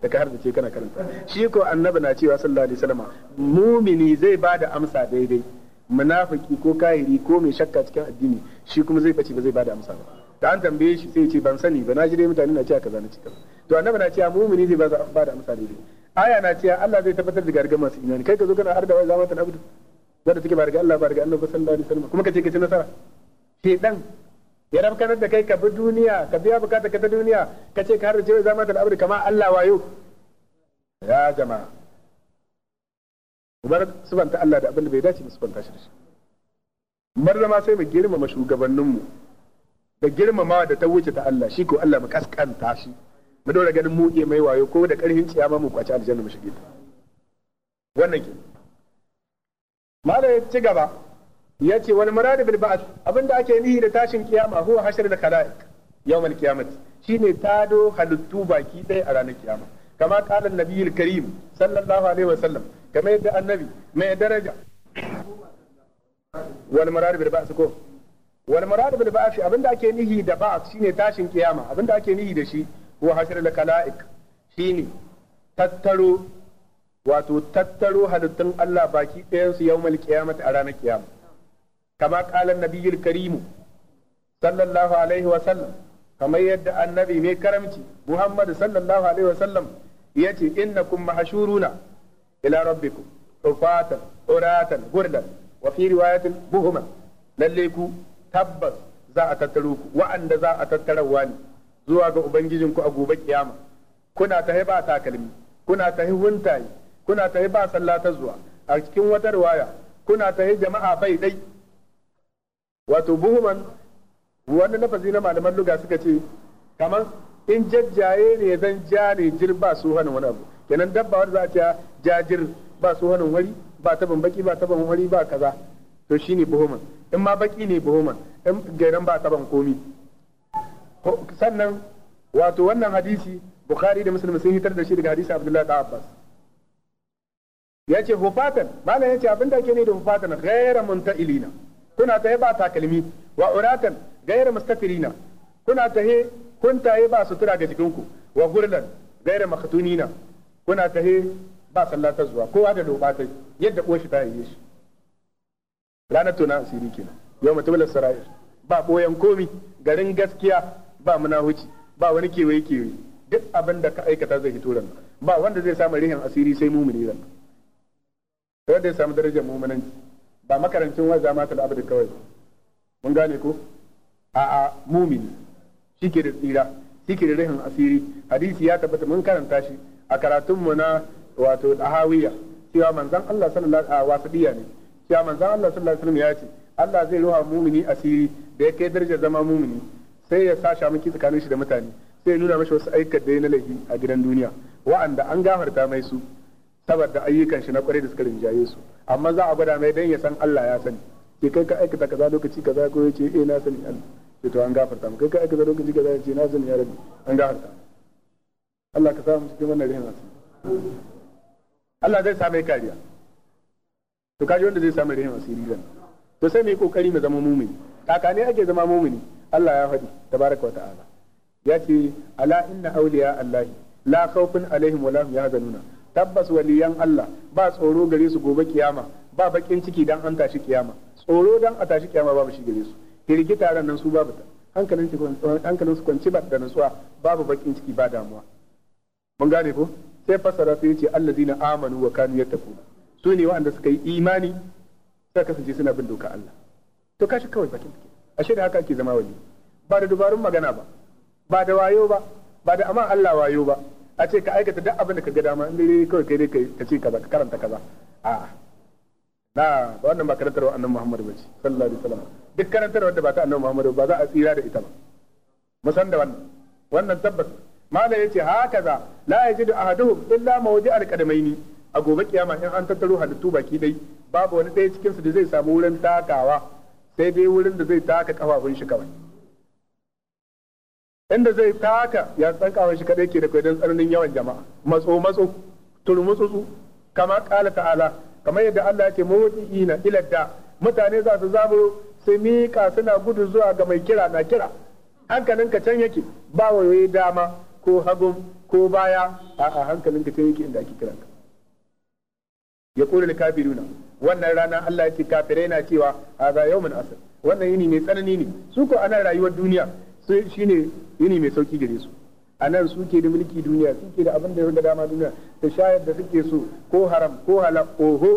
da ka har da ce kana karanta shi ko annabi na cewa sallallahu alaihi wasallam mumini zai ba da amsa daidai munafiki ko kahiri ko mai shakka cikin addini shi kuma zai bace ba zai ba da amsa ba da an tambaye shi sai ce ban sani ba na ji dai mutane na cewa kaza na cika to annabi na cewa mu'mini zai ba za ba da amsa daidai aya na cewa Allah zai tabbatar da gargar masu imani kai ka zo kana arda wai zamatan abdu wanda take ba daga Allah ba daga Allah ba sallallahu alaihi wasallam kuma ka ci nasara dan ya rabkanar da kai ka bi duniya ka biya bukata ka ta duniya ka ce ka harrace wai zamatan abdu kama Allah wayo ya jama'a bar subanta Allah da abin da bai dace mu subanta shi da shi bar zama sai mu girmama shugabanninmu da girmama da ta wuce ta Allah shi ko Allah mu kaskanta shi mu dora ganin mu mai wayo ko da karhin ciyama mu kwaci aljanna mu shige wannan ke malam ya ci gaba ya ce wani murad bil ba'th abinda ake nihi da tashin kiyama huwa hashr da khalaiq yawmal qiyamati shine tado halittu baki dai a ranar kiyama kama kala nabiyul karim sallallahu alaihi wasallam kamar yadda annabi mai daraja wal murad bil ba'th ko wal muradu bil ba'th abinda ake nihi da ba'th shine tashin kiyama abinda ake nihi da shi huwa hasrul kalaik shine tattaro wato tattaro halittun Allah baki ɗayan su yawmal qiyamati a ranar kiyama kama qala nabiyul karimu sallallahu alaihi wa sallam kamar yadda annabi mai karamci Muhammad sallallahu alaihi wa sallam yace innakum mahshuruna ila rabbikum hufatan uratan gurdan wa fi riwayatin buhuma lalle ku tabbas za a tattaro ku wa'anda za a tattarawa ne zuwa ga ubangijinku a gobe kiyama kuna tahi ba takalmi kuna tahi huntaye kuna tahi ba sallah ta zuwa a cikin wata riwaya kuna tahi jama'a bai dai wato buhuman wani nafazi na malaman luga suka ce kamar in jajjaye ne zan ja ne jir ba su hana wani abu kenan dabba za a ce jajir ba su hana wari ba taban baki ba taban wari ba kaza to shi ne buhuman in ma baki ne buhuman in gairan ba taban komi sannan wato wannan hadisi bukhari da musulmi sun hitar da shi daga hadisi abdullahi da abbas ya ce hufatan malam ya ce abin da ke ne da hufatan gaira munta ilina kuna yi ba takalmi wa uratan gaira mustafirina kuna tahe kun yi ba sutura ga jikinku wa gurlan gaira makatunina kuna ta tahe ba sallatar zuwa kowa da lobatai yadda uwar shi ta yi shi ranar tona asiri kenan yau mutubular sara'ir ba boyan komi garin gaskiya ba huci ba wani kewaye kewaye duk abin da ka aikata zai fito ran ba wanda zai samu rihin asiri sai mumuni ran sai da samu darajar mumunanci ba makarancin waza mata da abu kawai mun gane ko a'a mumini shi ke da tsira shi ke da rihin asiri hadisi ya tabbata mun karanta shi a karatunmu na wato dahawiya cewa manzon Allah sallallahu alaihi wasallam ne cewa manzo Allah sallallahu alaihi wasallam ya ce Allah zai ruha mumini asiri da ya kai darajar zama mumini sai ya sa shamaki tsakanin shi da mutane sai ya nuna mashi wasu ayyuka da ya na laifi a gidan duniya wa'anda an gafarta mai su saboda ayyukan shi na kwarai da suka rinjaye su amma za a gwada mai dan ya san Allah ya sani ke kai ka aikata kaza lokaci kaza ko ya ce eh na sani Allah sai to an gafarta mu kai ka aikata lokaci kaza ya ce na sani ya rabbi an gafarta Allah ka sa mu cikin wannan rahama Allah zai sa mai kariya to kaji wanda zai samu rihin asiri dan to sai mu yi kokari mu zama mumini ne ake zama mumini Allah ya faɗi tabaraka ta'ala ya ce ala inna awliya Allah la khawfun alaihim wa la hum yahzanuna tabbas waliyan Allah ba tsoro gare su gobe kiyama ba bakin ciki dan an tashi kiyama tsoro dan a tashi kiyama babu shi gare su hirgita ran nan su babu ta hankalin su kwanci ba da natsuwa babu bakin ciki ba damuwa mun gane ko sai fasara sai ya ce allazina amanu wa kanu yattaquna su ne waɗanda suka yi imani suka kasance suna bin doka Allah to kashi kawai bakin take ashe da haka ake zama wali ba da dubarun magana ba ba da wayo ba ba da amma Allah wayo ba a ce ka aikata duk abin da ka ga dama in dai kawai kai dai ka ce kaza ka karanta kaza a'a na ba wannan ba karantarwa annabi Muhammadu ba ce sallallahu alaihi wasallam duk karantar da ba ta annabi Muhammad ba za a tsira da ita ba musan da wannan wannan tabbas malam yace haka hakaza la yajidu ahaduhum illa mawdi'al qadamaini a gobe kiyama in an tattaro halittu baki dai babu wani ɗaya cikinsu da zai samu wurin takawa sai dai wurin da zai taka kafafun shi kawai inda zai taka ya kawai shi kadai ke da kwaidan tsananin yawan jama'a matso matso turmutsutsu kama kala ta'ala kamar yadda Allah yake mawdi'ina ila da mutane za su zaburo sai miƙa suna gudu zuwa ga mai kira na kira hankalin ka can yake ba wai dama ko hagun ko baya a'a ka can yake inda ake kiranka ya qulu lil kafiruna wannan rana Allah ya ce kafirai na cewa a ga yau asr wannan yini mai tsanani ne su ko ana rayuwar duniya sai shine yini mai sauki gare su anan suke da mulki duniya suke da abin da ya dama duniya da shayar da suke so ko haram ko halal oho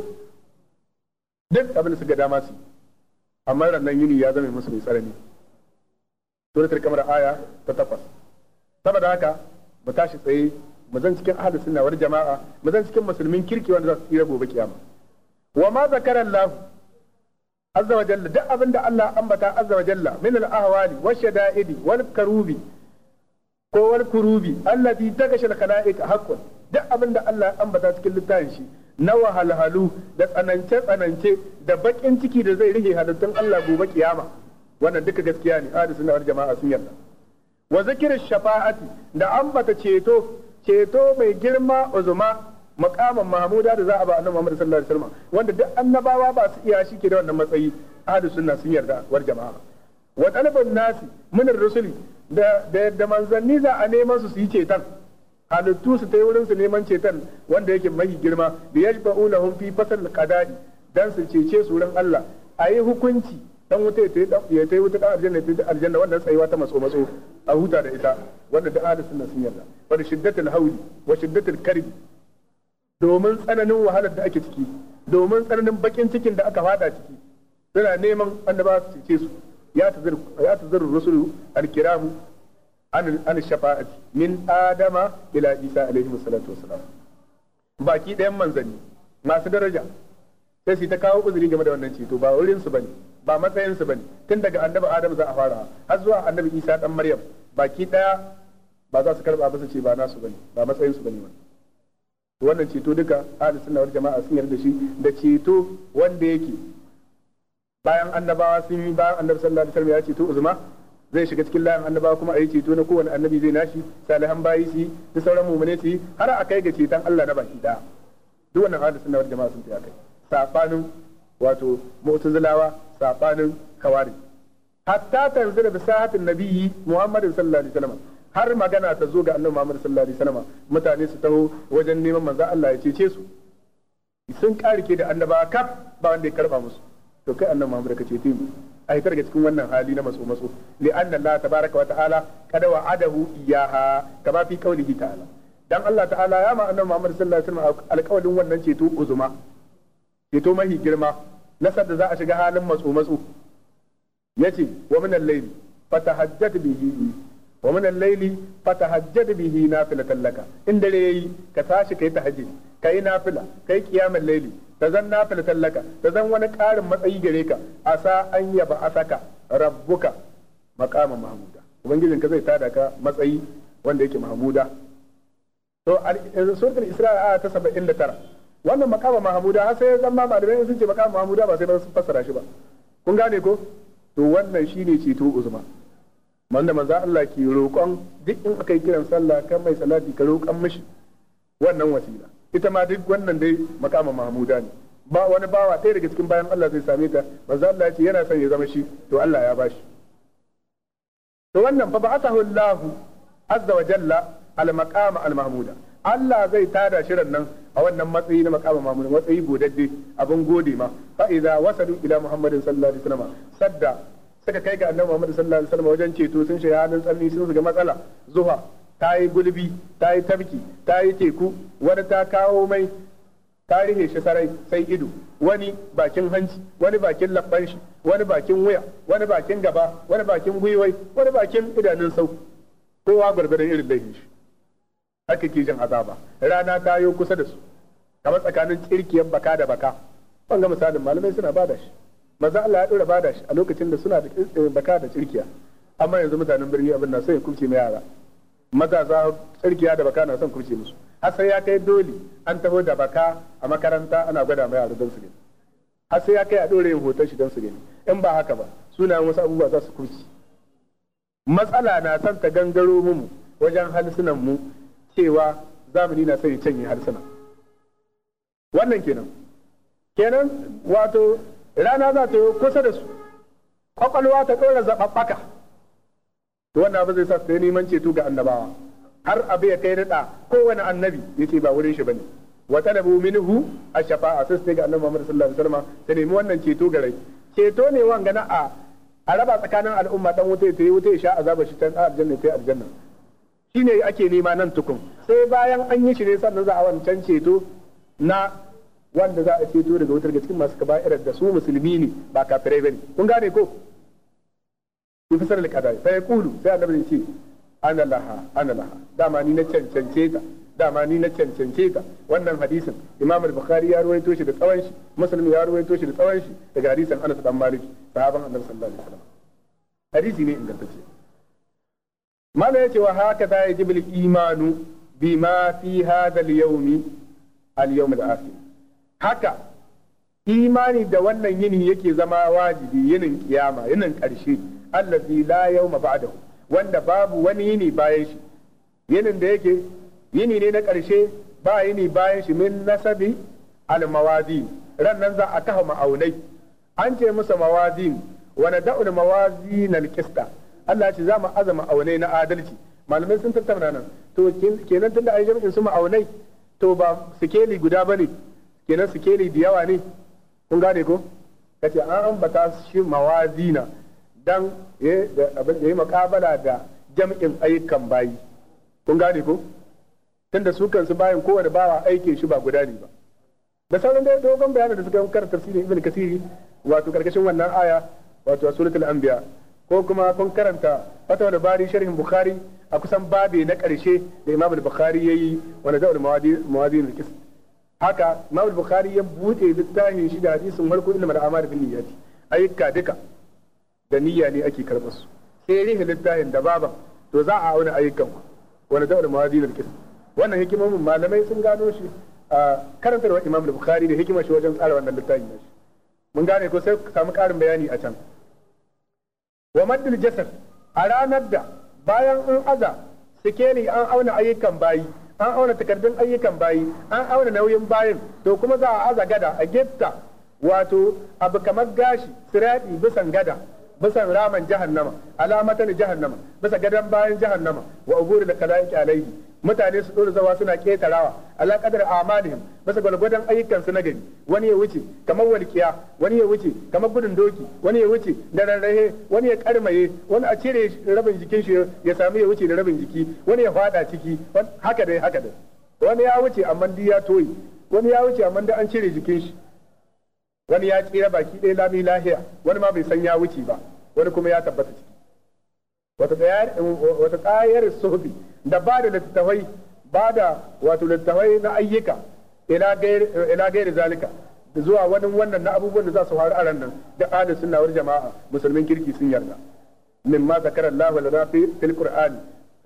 duk abin da suka dama su amma ranar yini ya zama musu mai tsanani suratul kamar aya ta takwas saboda haka mu tashi tsaye mu zan cikin ahlus sunna wal jama'a mu zan cikin musulmin kirki wanda za su tsira gobe kiyama wa ma zakara Allah azza wa jalla duk abinda Allah ambata azza wa jalla min al ahwali wash shada'idi wal karubi ko wal kurubi allati takashal khalaiq haqqun duk abinda Allah ambata cikin littafin shi na wahalhalu da tsanance tsanance da bakin ciki da zai rige halittun Allah gobe kiyama wannan duka gaskiya ne ahlus sunna wal jama'a sun yarda wa zikr shafa'ati da ambata ceto ceto mai girma uzuma makaman mahmuda da za a ba annabi Muhammad sallallahu alaihi wasallam wanda duk annabawa ba su iya shi ke da wannan matsayi ahlus sunna sun yarda war jama'a wa talabun nasi min rusuli da da manzanni za a neman su su yi cetan halittu su ta yi wurin su neman cetan wanda yake mai girma da yajba'u lahum fi fasal qada'i dan su cece su wurin Allah ayi hukunci dan wuta ya tayi ya tayi wuta aljanna ya aljanna wannan tsayuwa ta matso matso a huta da ita wanda da ahli sunna sun yarda wa shiddatul hawli wa shiddatul karbi domin tsananin wahalar da ake ciki domin tsananin bakin cikin da aka fada ciki suna neman annaba su cece su ya tazar ya tazar rusulu alkiramu an an shafa'ati min adama ila isa alaihi salatu wassalam baki ɗayan manzanni masu daraja sai su ta kawo uzuri game da wannan ceto ba wurin su bane ba matsayinsu ba ne tun daga annabi adam za a fara har zuwa annabi isa dan maryam baki daya ba za su karba ba su ce ba nasu ne ba matsayinsu ba wannan wannan ceto duka ahli sunna wal jama'a sun yarda shi da ceto wanda yake bayan annabawa sun yi bayan annabi sallallahu alaihi wasallam ya ceto uzma zai shiga cikin layin annabawa kuma a yi ceto na kowane annabi zai nashi salihan bayi su da sauran mumune su har a kai ga ceton Allah na baki daya duk wannan ahli sunna wal jama'a sun ta kai sabanin wato mu'tazilawa sabanin kawari hatta tanzila bi sahatin nabiyyi muhammadin sallallahu alaihi wasallam har magana ta zo ga annabi muhammad sallallahu alaihi wasallam mutane su taho wajen neman manzo Allah ya cece su sun karike da annaba kaf ba wanda ya karba musu to kai annabi muhammad ka cece mu a yi ga cikin wannan hali na maso matso li anna allah tabaraka wa ta'ala qad wa'adahu iyaha kama fi qawlihi ta'ala dan Allah ta'ala ya ma annabi muhammad sallallahu alaihi wasallam alƙawalin wannan ceto uzuma fito mahi girma nasar da za a shiga halin matsu matsu yace wa min al-layli fatahajjat bihi wa min al fatahajjat bihi nafilatan tallaka. in dare yayi ka tashi kai tahajjud kai nafila kai qiyamul laili, ta zan nafilatan tallaka, ta zan wani karin matsayi gare ka asa an yaba asaka rabbuka maqama mahmuda ubangijin ka zai tada ka matsayi wanda yake mahmuda to suratul isra ta 79 wannan makama mahamuda har sai zama malamai sun ce makama mahamuda ba sai ba sun fassara shi ba kun gane ko to wannan shine ceto uzma wanda manzo Allah ke roƙon duk in aka yi kiran sallah kan mai salati ka roƙon mishi wannan wasila ita ma duk wannan dai makama mahamuda ne ba wani bawa ɗaya daga cikin bayan Allah zai same ta manzo Allah ce yana son ya zama shi to Allah ya bashi to wannan fa ba'athahu Allahu azza wa jalla al maqama al mahmuda Allah zai tada shirin nan a wannan matsayi na makama mamuni matsayi godadde abin gode ma fa idza wasalu ila muhammadin sallallahu alaihi wasallam sadda suka kai ga annabi muhammad sallallahu alaihi wasallam wajen ceto sun shiga halin tsanni sun shiga matsala zuha ta yi gulbi ta yi tafki ta yi teku wani ta kawo mai ta rihe shi sarai sai ido wani bakin hanci wani bakin labban shi wani bakin wuya wani bakin gaba wani bakin gwiwai wani bakin idanun sau kowa gwargwadon irin laifin shi haka ke jin azaba rana ta yi kusa da su kamar tsakanin tsirkiyar baka da baka ban ga misalin malamai suna bada shi maza Allah ya dora bada shi a lokacin da suna da eh, baka da tsirkiya amma yanzu mutanen birni abin na sai ya mai yara za tsirkiya da baka na son kurce musu har sai ya kai dole an taho da baka a makaranta ana gwada mai yara don su gani har sai ya kai a dore yin hoton shi don su gani in ba haka ba sunayen wasu abubuwa za su kurce matsala na son ta gangaro mu wajen halsunan mu cewa zamani na sai canye harsuna wannan kenan kenan wato rana za ta yi kusa da su kwakwalwa ta ɗora zaɓaɓɓaka wannan abu zai sa su neman ceto ga annabawa har abu ya kai daɗa kowane annabi ya ce ba wurin shi bane wa talabu minhu ash-shafa'a sai ga annabi Muhammad sallallahu alaihi wasallam ta nemi wannan ceto ga rai ceto ne wanga na a a raba tsakanin al'umma dan wuta ya yi wuta ya sha azabar shi tan aljanna ta aljanna ne ake nema nan tukun sai bayan an yi shi ne sannan za a wancan ceto na wanda za a ceto daga wutar ga cikin masu kaba'irar da su musulmi ne ba kafirai bane kun gane ko fi fasar da kadai sai kulu sai annabi ce ana laha ana laha dama ni na cancance ka dama ni na cancance ka wannan hadisin imam al-bukhari ya ruwaito shi da tsawon shi muslim ya ruwaito shi da tsawon shi daga hadisin anas dan malik sahaban annabi sallallahu alaihi wasallam hadisi ne ingantacce mana yace wa haka za ya jibil imanu ma fi hadha al-yawmi al-yawm al-akhir haka imani da wannan yini yake zama wajibi yinin kiyama yinin karshe allazi la yawm ba'dahu wanda babu wani yini bayan shi yinin da yake yini ne na karshe ba yini bayan shi min nasabi al-mawazin ran nan za a kafa ma'aunai an ce musu mawazin wa nada'u al-mawazin al-qista Allah ce za mu azama aunai na adalci malamai sun tattauna nan to kenan tunda ai jami'in su ma'aunai to ba sikeli guda bane kenan sikeli da yawa ne kun gane ko kace an ambata shi mawazina dan ya yi makabala da jam'in ayyukan bayi kun gane ko tunda su kansu bayan kowane bawa aike shi ba guda ne ba da sauran da dogon bayanin da suka karanta tafsirin ibn kasiri wato karkashin wannan aya wato suratul anbiya ko kuma kun karanta fatawar bari sharhin bukhari a kusan babi na karshe da imam al-bukhari yi wani zaɓar mawazin rikis haka imam al-bukhari ya buɗe littafin shi da hadisin farko ilmu al-amal bin niyyati ayyuka duka da niyya ne ake karɓar su sai rihi littafin da baban to za a auna ayyukan ku wani zaɓar mawazin rikis wannan hikimomin malamai sun gano shi a karantarwa imam al-bukhari da hikimar shi wajen tsara wannan littafin shi mun gane ko sai samu karin bayani a can wa maddul jasad a ranar da bayan an aza sikeli an auna ayyukan bayi an auna takardun ayyukan bayi an auna nauyin bayin to kuma za a aza gada a gifta wato abu kamar gashi siradi bisan gada bisa raman jahannama alamatan jahannama bisa gadan bayan jahannama wa uburi da kalaiki alaihi mutane su dora zawa suna ketarawa ala qadar amalihim bisa gwalgwadon ayyukan su na gari wani ya wuce kamar walkiya wani ya wuce kamar gudun doki wani ya wuce da rarrahe wani ya karmaye wani a cire rabin jikin shi ya sami ya wuce da rabin jiki wani ya fada ciki haka dai haka dai wani ya wuce amma ya toyi wani ya wuce amma da an cire jikin shi wani ya tsira baki ɗaya lami lahiya wani ma bai san ya wuce ba wani kuma ya tabbata ciki wata ƙayar sufi da ba da littattafai ba da wato littafai na ayyuka ila gairi zalika zuwa wani wannan na abubuwan da za su faru a ran nan da ahlus sunna wal jama'a musulmin kirki sun yarda ma zakara Allah lana fil qur'ani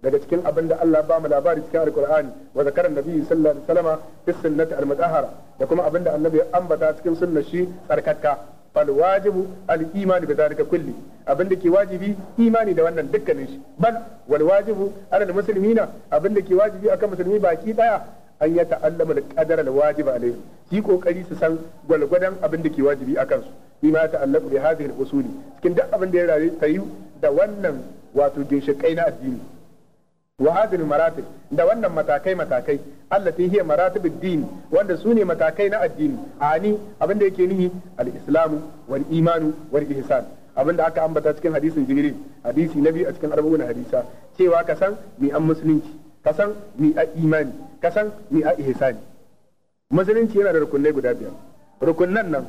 daga cikin abin da Allah ba mu labari cikin alkur'ani wa zakara nabi sallallahu alaihi wasallam fi sunnati al-mutahhara da kuma abin da annabi ya ambata cikin sunnar shi tsarkaka fal wajibu al imani bi zalika kulli abin da ke wajibi imani da wannan dukkanin shi bal wal wajibu ala muslimina abin da ke wajibi akan musulmi baki daya an ya ta'allama da qadar wajib alaihi yi kokari su san gwalgwadan abin da ke wajibi akan su bima ya ta'allaqu bi hadhihi al usuli cikin duk abin da ya rayu da wannan wato ginshikai na addini wa hadhihi maratib da wannan matakai matakai allati hiya maratib ad-din wanda sune matakai na addini ani abinda yake nihi al-islamu wal imanu wal ihsan abinda aka ambata cikin hadisin jibril hadisi nabi a cikin arba'una hadisa cewa ka san mi an musulunci ka san mi a imani ka san mi a ihsani musulunci yana da rukunai guda biyar rukunan nan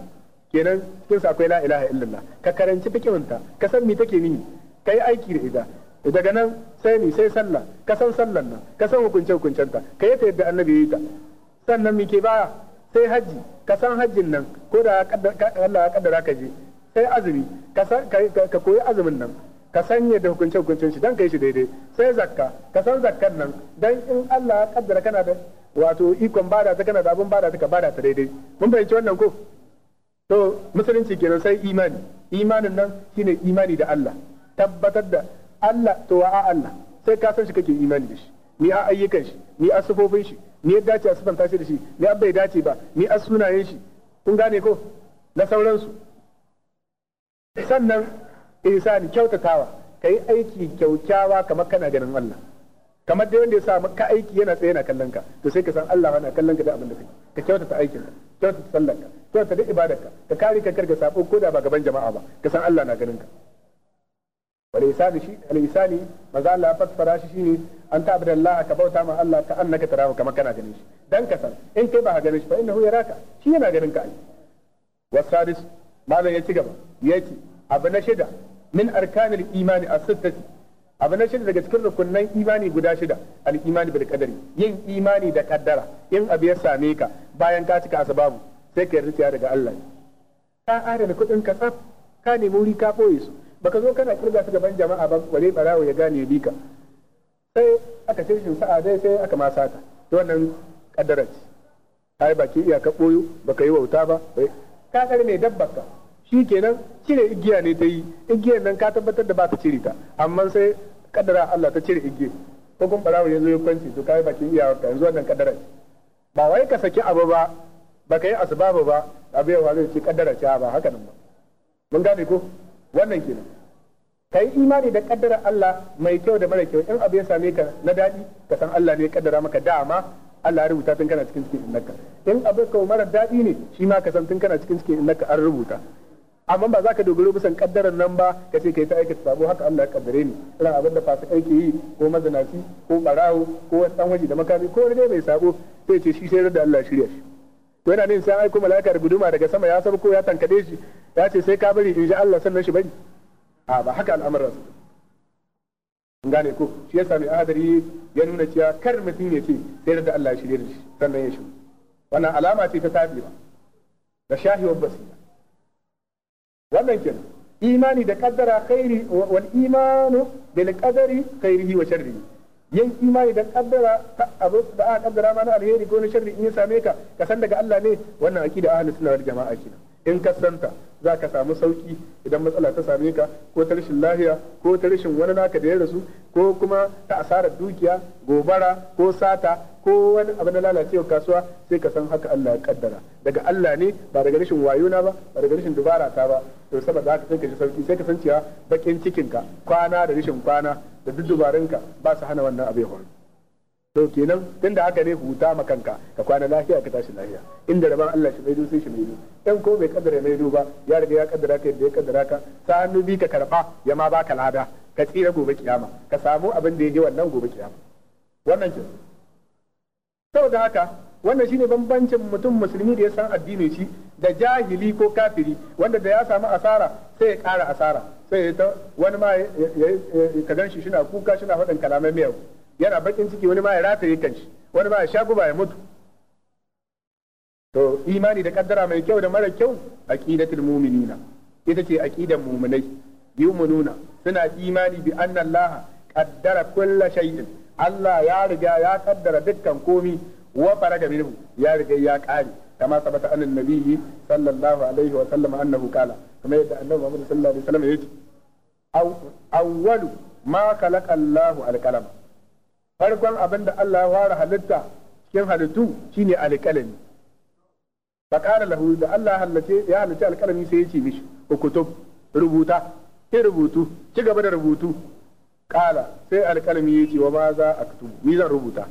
kenan cikin akwai la ilaha illallah ka karanci fikihunta ka san mi take nihi kai aiki da ita daga nan sai ni sai sallah ka san sallan nan ka san hukunce ta ka yi ta yadda annabi yi ta sannan mike baya sai hajji ka san hajjin nan ko da Allah ya kaddara ka je sai azumi ka koyi azumin nan ka san da hukunce hukuncen shi dan kai shi daidai sai zakka ka san zakkan nan dan in Allah ya kaddara kana da wato ikon bada ta kana da abun bada ta ka bada ta daidai mun fahimci wannan ko to musulunci kenan sai imani imanin nan shine imani da Allah tabbatar da Allah to wa Allah sai ka san shi kake imani da shi ni a ayyukan shi ni a sufofin shi ni yadda ce a sufanta shi da shi ni a bai dace ba ni a sunayen shi kun gane ko na sauransu sannan ihsani kyautatawa kai aiki kyaukyawa kamar kana ganin Allah kamar dai wanda ya sa maka aiki yana tsaye na kallon ka to sai ka san Allah yana kallon ka da abin da kake ka kyautata aikin ka kyautata sallar ka kyautata ibadarka ka kare ka karga sabo ko da ba gaban jama'a ba ka san Allah na ganin ka wal ihsani shi maza Allah fassara shi shine an ta abdallah ka bauta ma Allah ka annaka tarahu kamar kana ganin shi dan ka san in kai ba ka ganin shi fa innahu yaraka shi yana ganin ka ai wasadis malam ya ci gaba yace abu na shida min arkanil imani a sittati abu na shida daga cikin rukunnan imani guda shida al imani bil kadari yin imani da kaddara in abu ya same ka bayan ka cika babu, sai ka yarda daga Allah ka adana kuɗin ka tsaf ka nemi wuri ka ɓoye su baka zo kana kurga su gaban jama'a ba bare barawo ya gane bika sai aka ce shin sa'a dai sai aka ma sata to wannan kaddara ce ai baki iya ka boyo baka yi wauta ba ka mai ne dabbarka shi kenan cire igiya ne ta yi igiyan nan ka tabbatar da ba ta cire ta amma sai kaddara Allah ta cire igiya ko kun barawo yanzu ya kwanci to kai baki iya ka yanzu wannan kaddara ce ba wai ka saki abu ba baka yi asbabu ba abu ya faru ce kaddara ce ba haka nan ba mun gane ko wannan kenan ka yi imani da kaddara Allah mai kyau da mara kyau in abu ya same ka na daɗi ka san Allah ne ya kaddara maka dama Allah ya rubuta tun kana cikin cikin innaka in abu ka mara daɗi ne shi ma ka san tun kana cikin cikin innaka an rubuta amma ba za ka dogaro bisan kaddarar nan ba ka ce kai ta aikata sabo haka Allah ya kaddare ni irin abin da fasa aiki yi ko mazinaci ko barawo ko wasu ɗan waje da makami ko wani dai mai sabo sai ce shi sai da Allah shirya shi to yana nan sai aiko mala'ika da guduma daga sama ya ko ya tankade shi ya ce sai ka bari in ji Allah sannan shi bari a ba haka al'amuran su gane ko shi ya sami adari ya nuna cewa kar mutum ya ce sai da Allah ya shirye da shi sannan ya shi wannan alama ce ta ba da wa basira wannan kenan imani da kaddara khairi wal imanu bil qadari khairihi wa sharrihi yin imani da kaddara abu da aka kaddara ma na alheri ko na sharri in ya same ka ka san daga Allah ne wannan aqida ahlus sunna wal jamaa kenan in ka santa za ka samu sauki idan matsala ta same ka ko ta rashin lafiya ko ta rashin wani naka da ya rasu ko kuma ta asarar dukiya gobara ko sata ko wani abu na lalacewa kasuwa sai ka san haka Allah ya kaddara daga Allah ne ba daga rashin wayona ba ba daga rashin dubara ta ba to saboda haka sai ka ji sauki sai ka san cewa bakin cikin ka kwana da rashin kwana da duk dubarunka ba su hana wannan abu ya faru to kenan tunda haka ne huta ma kanka ka kwana lafiya ka tashi lafiya inda rabar Allah shi maido sai shi maido dan ko bai kaddara maido ba ya riga ya kaddara ka yadda ya kaddara ka sa hannu bi ka karba ya ma baka lada ka tsira gobe kiyama ka samu abin da ya je wannan gobe kiyama wannan kin saboda haka wannan shine bambancin mutum musulmi da ya san addinin shi da jahili ko kafiri wanda da ya samu asara sai ya kara asara sai ya ta wani ma ya ka gan shi shina kuka shina faɗin kalamai miyau. yana bakin ciki wani ma ya rataye shi wani ma ya sha guba ya mutu to imani da kaddara mai kyau da mara kyau aqidatul mu'minina ita ce aqidan mu'minai yu'minuna suna imani bi anna allaha qaddara kulla shay'in Allah ya riga ya kaddara dukkan komi wa faraga minhu ya riga ya kare kama sabata anan nabiyyi sallallahu alaihi wa sallam annahu kala kuma yadda annabi Muhammad sallallahu alaihi wa sallam yake awwalu ma khalaqa Allahu al-qalam farkon abin da Allah ya fara halitta cikin halittu shine alƙalami qala lahu da Allah halace ya halice alƙalami sai ya ce mishi ukutub rubuta sai rubutu ci gaba da rubutu ƙala sai alƙalami ya ce wa ma za a kutubu ni zan rubuta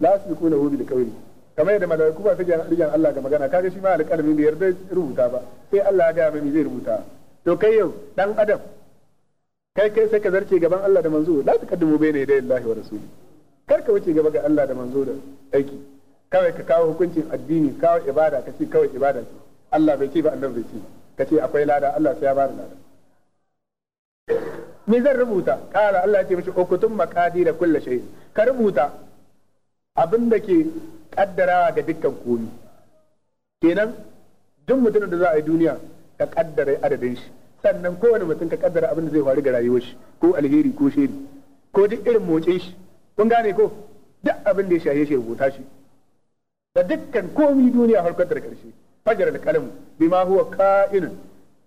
lasu su na hudu da kauri kamar yadda malaiku ba su rijan Allah ga magana kaga shi ma alƙalami bai yarda rubuta ba sai Allah ya ga mai zai rubuta to kai yau dan adam kai kai sai ka zarce gaban Allah da manzo la taqaddimu bayna yaday Allah wa rasuli kar ka wuce gaba ga Allah da manzo da aiki kawai ka kawo hukuncin addini kawo ibada ka ce kawai ibada ce Allah bai ce ba annabi bai ce ka ce akwai lada Allah sai ya bada lada me zan rubuta kala Allah ya ce mishi ukutum maqadira kulli shay ka rubuta abin da ke kaddarawa ga dukkan komi kenan duk mutumin da za a yi duniya ka kaddare adadin shi sannan kowane mutum ka kaddara abin da zai faru ga rayuwar shi ko alheri ko sheri ko duk irin motsin shi kun gane ko duk abin da ya shahe shi rubuta shi da dukkan komi duniya harkar da karshe fajar alqalam bima huwa ka'in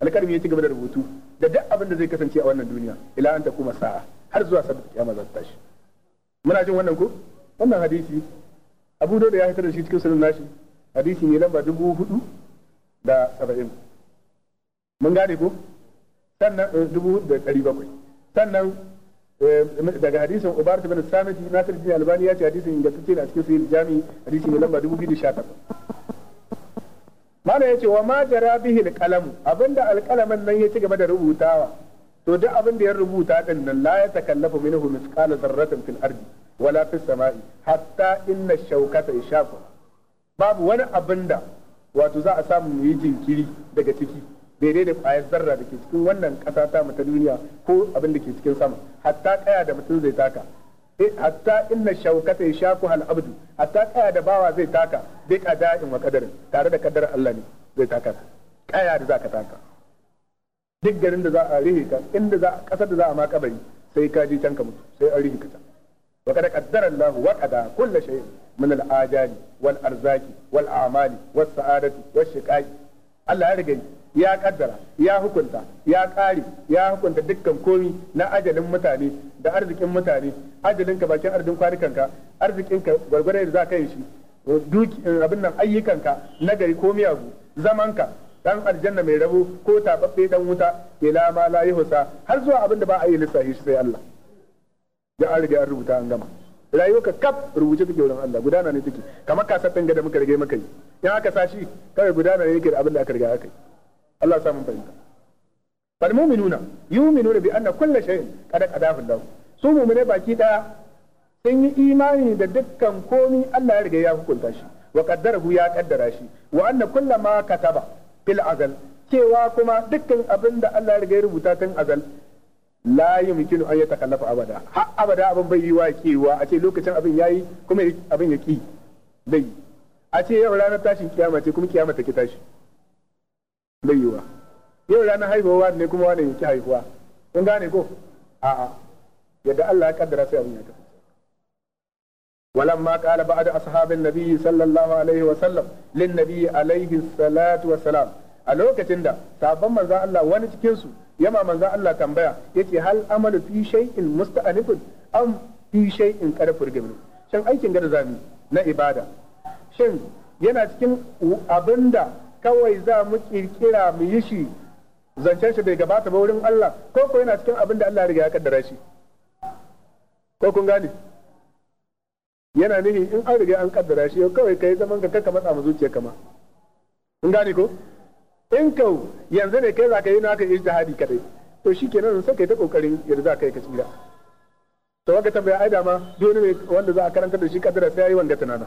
alkalam ya ci gaba da rubutu da duk abin da zai kasance a wannan duniya ila an kuma sa'a har zuwa sabbin kiyama za ta tashi muna jin wannan ko wannan hadisi Abu Dawud ya fitar da shi cikin sunan nashi hadisi ne lamba dubu hudu da saba'in mun gane ko sannan eh, dubu da ɗari bakwai sannan eh, daga hadisin ubar bin samiti na sirri albani ya ce hadisin ingantacce ce a cikin sahih jami hadisi mai lamba dubu biyu da sha takwas mana ya ce wa ma jara bihi alƙalamu abinda alƙalamin nan ya ci gaba da rubutawa to duk abin da ya rubuta din nan la ya takallafu minhu misqala zarratin fil ardi wala fis sama'i hatta inna shawkata shafa babu wani abinda wato za a samu yi jinkiri daga ciki daidai da kwayar zarra da ke cikin wannan ƙasa ta mata duniya ko abin da ke cikin sama hatta kaya da mutum zai taka eh, hatta inna shaukata shaku hal abdu hatta kaya da bawa zai taka bi qada'in wa qadarin tare da kaddar Allah ne zai taka ka kaya da zaka taka duk garin da za a rihe ka inda za kasar da za a ma kabari sai ka je can ka mutu sai an rihe ka ta wa qad qaddara Allah wa qada kullu shay'in min al ajali wal arzaki wal a'mali was sa'adati was shiqaqi Allah ya riga ya kaddara ya hukunta ya kare ya hukunta dukkan komi na ajalin mutane da arzikin mutane ajalin ka bakin arzikin ka arzikin ka gwargwaron da za ka yi shi duki eh, abin nan ayyukan ka gari nagari ko miyagu ka dan aljanna mai rabo ko tababbe dan wuta ila ma la yuhsa har zuwa abin da ba a yi lissafi shi sai Allah ya arge an rubuta an gama rayuwarka kaf rubuce take wurin Allah gudana ne take kamar kasafin ga da muka rage maka yi in aka sa shi kawai gudanar yake da abin da aka riga aka yi Allah samun fahimta fal mu'minuna yu'minuna bi anna kulli shay'in qad qadahu Allah su mu'mine baki daya sun yi imani da dukkan komi Allah ya riga ya hukunta shi wa qaddarahu ya kaddara shi wa anna ma kataba fil azal cewa kuma dukkan abin da Allah ya riga ya rubuta tun azal la yumkinu an yatakallafa abada har abada abin bai yi wa kewa a ce lokacin abin yayi kuma abin ya ki bai a ce yau ranar tashin kiyama ce kuma kiyama take tashi bai yiwa yau ranar haihuwa ne kuma wani yake haihuwa kun gane ko a'a yadda Allah ya kaddara sai abin ya tafi ولما قال بعد sallallahu alaihi wa sallam, lin وسلم alaihi salatu wa salam, a lokacin da sabon manzan Allah wani cikin su yama manzan Allah tambaya yace hal amalu fi shay'in musta'anifun am fi shay'in qad furgimin shin aikin gada zamu na ibada shin yana cikin abinda kawai za mu kirkira mu yi shi zancen shi bai gabata ba wurin Allah ko ko yana cikin abin da Allah ya riga ya kaddara shi ko kun gane yana nihi in an riga an kaddara shi kawai kai zaman ka kaka matsa mu zuciya kama kun gane ko in kau yanzu ne kai za ka yi naka ijtihadi kadai to shikenan sai kai ta kokarin yarda za ka yi tsira to waka tambaya ai dama dole ne wanda za a karanta da shi kaddara sai yayi wanga tunana.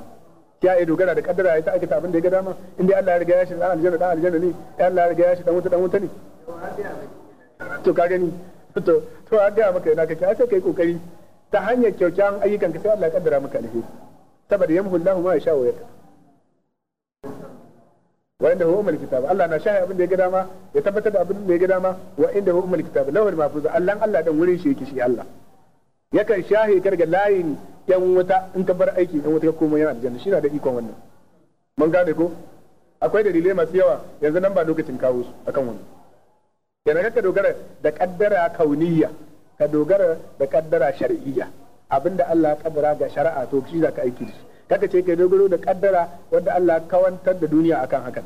ya yi dogara da kaddara ya ta aikata abin da ya ga dama in dai Allah ya riga ya shi dan aljanna dan aljanna ne Allah ya riga ya shi dan wuta dan wuta ne to ka gani to to a ga maka yana kake sai kai kokari ta hanyar kyaukyawan ayyukan ka sai Allah ya kaddara maka alheri saboda yamhu Allahu ma yasha wa yata wa inda huwa malik kitab Allah na shahi abin da ya ga dama ya tabbatar da abin da ya ga dama wa inda huwa malik kitab lawal mafuz Allah Allah dan wurin shi yake shi Allah yakan shahe kar ga layin yan wuta in ka bar aiki yan wuta ya komo yana aljanna shi na da ikon wannan mun gane ko akwai dalilai masu yawa yanzu nan ba lokacin kawo su akan wannan kenan ka dogara da kaddara kauniyya ka dogara da kaddara shar'iyya abinda Allah ya kaddara ga shari'a to shi zaka ka aiki da shi kaka ce kai dogaro da kaddara wanda Allah kawantar da duniya akan hakan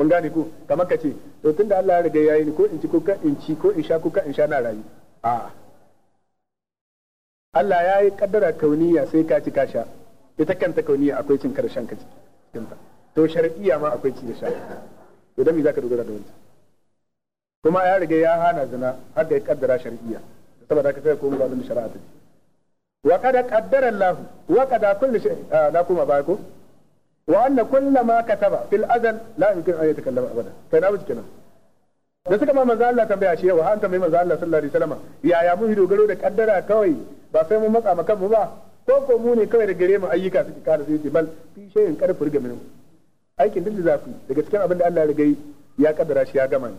mun gane ko kamar ka ce to tunda Allah ya riga yayi ni ko in ci ko ka in ci ko in sha ko ka in sha na rayu a'a Allah ya yi kaddara kauniya sai ka ci ka sha ita kanta kauniya akwai cin karshen ka cikin ta to shar'iyya ma akwai ci da sha to dan me zaka dogara da wancan kuma ya riga ya hana zina har da ya kaddara shar'iyya saboda haka sai ko mu ba da shari'a ta wa qad qaddara Allah wa qad kullu shay na kuma ba ko wa anna kullama ma kataba fil azal la yumkin an yatakallama abada kai na wuce kenan da suka ma manzo Allah tambaya shi yau an mai manzo Allah sallallahu alaihi wasallam yaya mun dogaro da kaddara kawai ba sai mun matsa makan mu ba ko ko mu ne kawai da gare mu ayyuka suke kara sai ce bal fi shay'in karfur ga minhu aikin duk da zafi daga cikin abin da Allah ya riga ya kaddara shi ya gama ne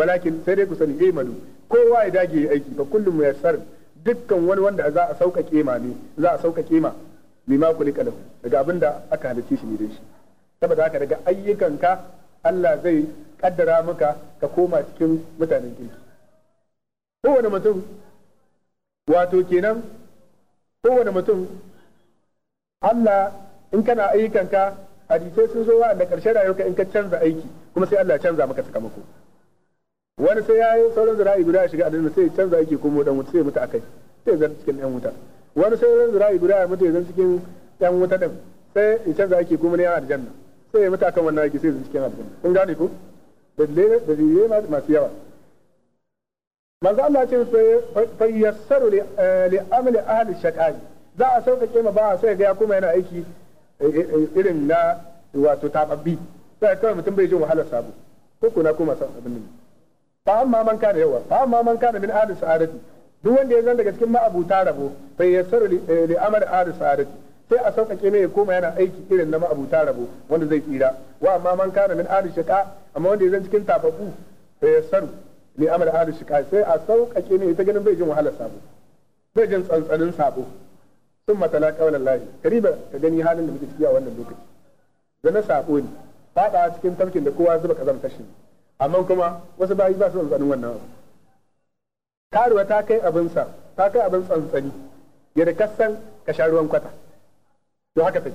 walakin sai dai ku sani eh malu kowa ya dage aiki fa kullum yassar dukkan wani wanda za a sauka ma ne za a saukake ma bima kulika lahu daga abin da aka halicce shi ne dai shi saboda haka daga ayyukan ka Allah zai kaddara maka ka koma cikin mutanen kirki kowane mutum wato kenan kowane mutum Allah in kana ayyukanka hadisai sun zo wa'anda ƙarshen rayuwarka in ka canza aiki kuma sai Allah canza maka sakamako wani sai ya yi sauran zira'i guda ya shiga adana sai ya canza aiki kuma dan wuta sai ya mutu akai sai ya zan cikin ɗan wuta wani sai ya zira'i guda ya mutu ya zan cikin ɗan wuta din sai ya canza aiki kuma ne ya aljanna sai ya mutu akan wannan aiki sai ya zan cikin aljanna kun gane ko dalilai masu yawa manzo Allah ce fa yassaru li amali ahli shaqai za a sauƙaƙe ma ba sai ga kuma yana aiki irin na wato tababbi sai kawai mutum bai ji wahalar sabo ko kuna kuma san abin nan fa amma man kana yawa fa amma man kana min ahli sa'adati duk wanda ya zan daga cikin ma'abuta rabo fa yassaru li amali ahli sa'adati sai a sauƙaƙe mai ya koma yana aiki irin na ma'abuta rabo wanda zai tsira wa amma man kana min ahli shaka amma wanda zan cikin tafafu ya saru ne amal ahli shaka sai a sauƙaƙe mai ta ganin bai jin wahalar sabo bai jin tsantsanin sabo sun matala kaulan lahi kariba ka gani halin da muke ciki a wannan lokaci zana sabo ne faɗa cikin tafkin da kowa zuba kazamta shi amma kuma wasu bayi ba su tsantsanin wannan abu karuwa ta kai abin sa ta kai abin tsantsani yadda kasan ka sha ruwan kwata to haka take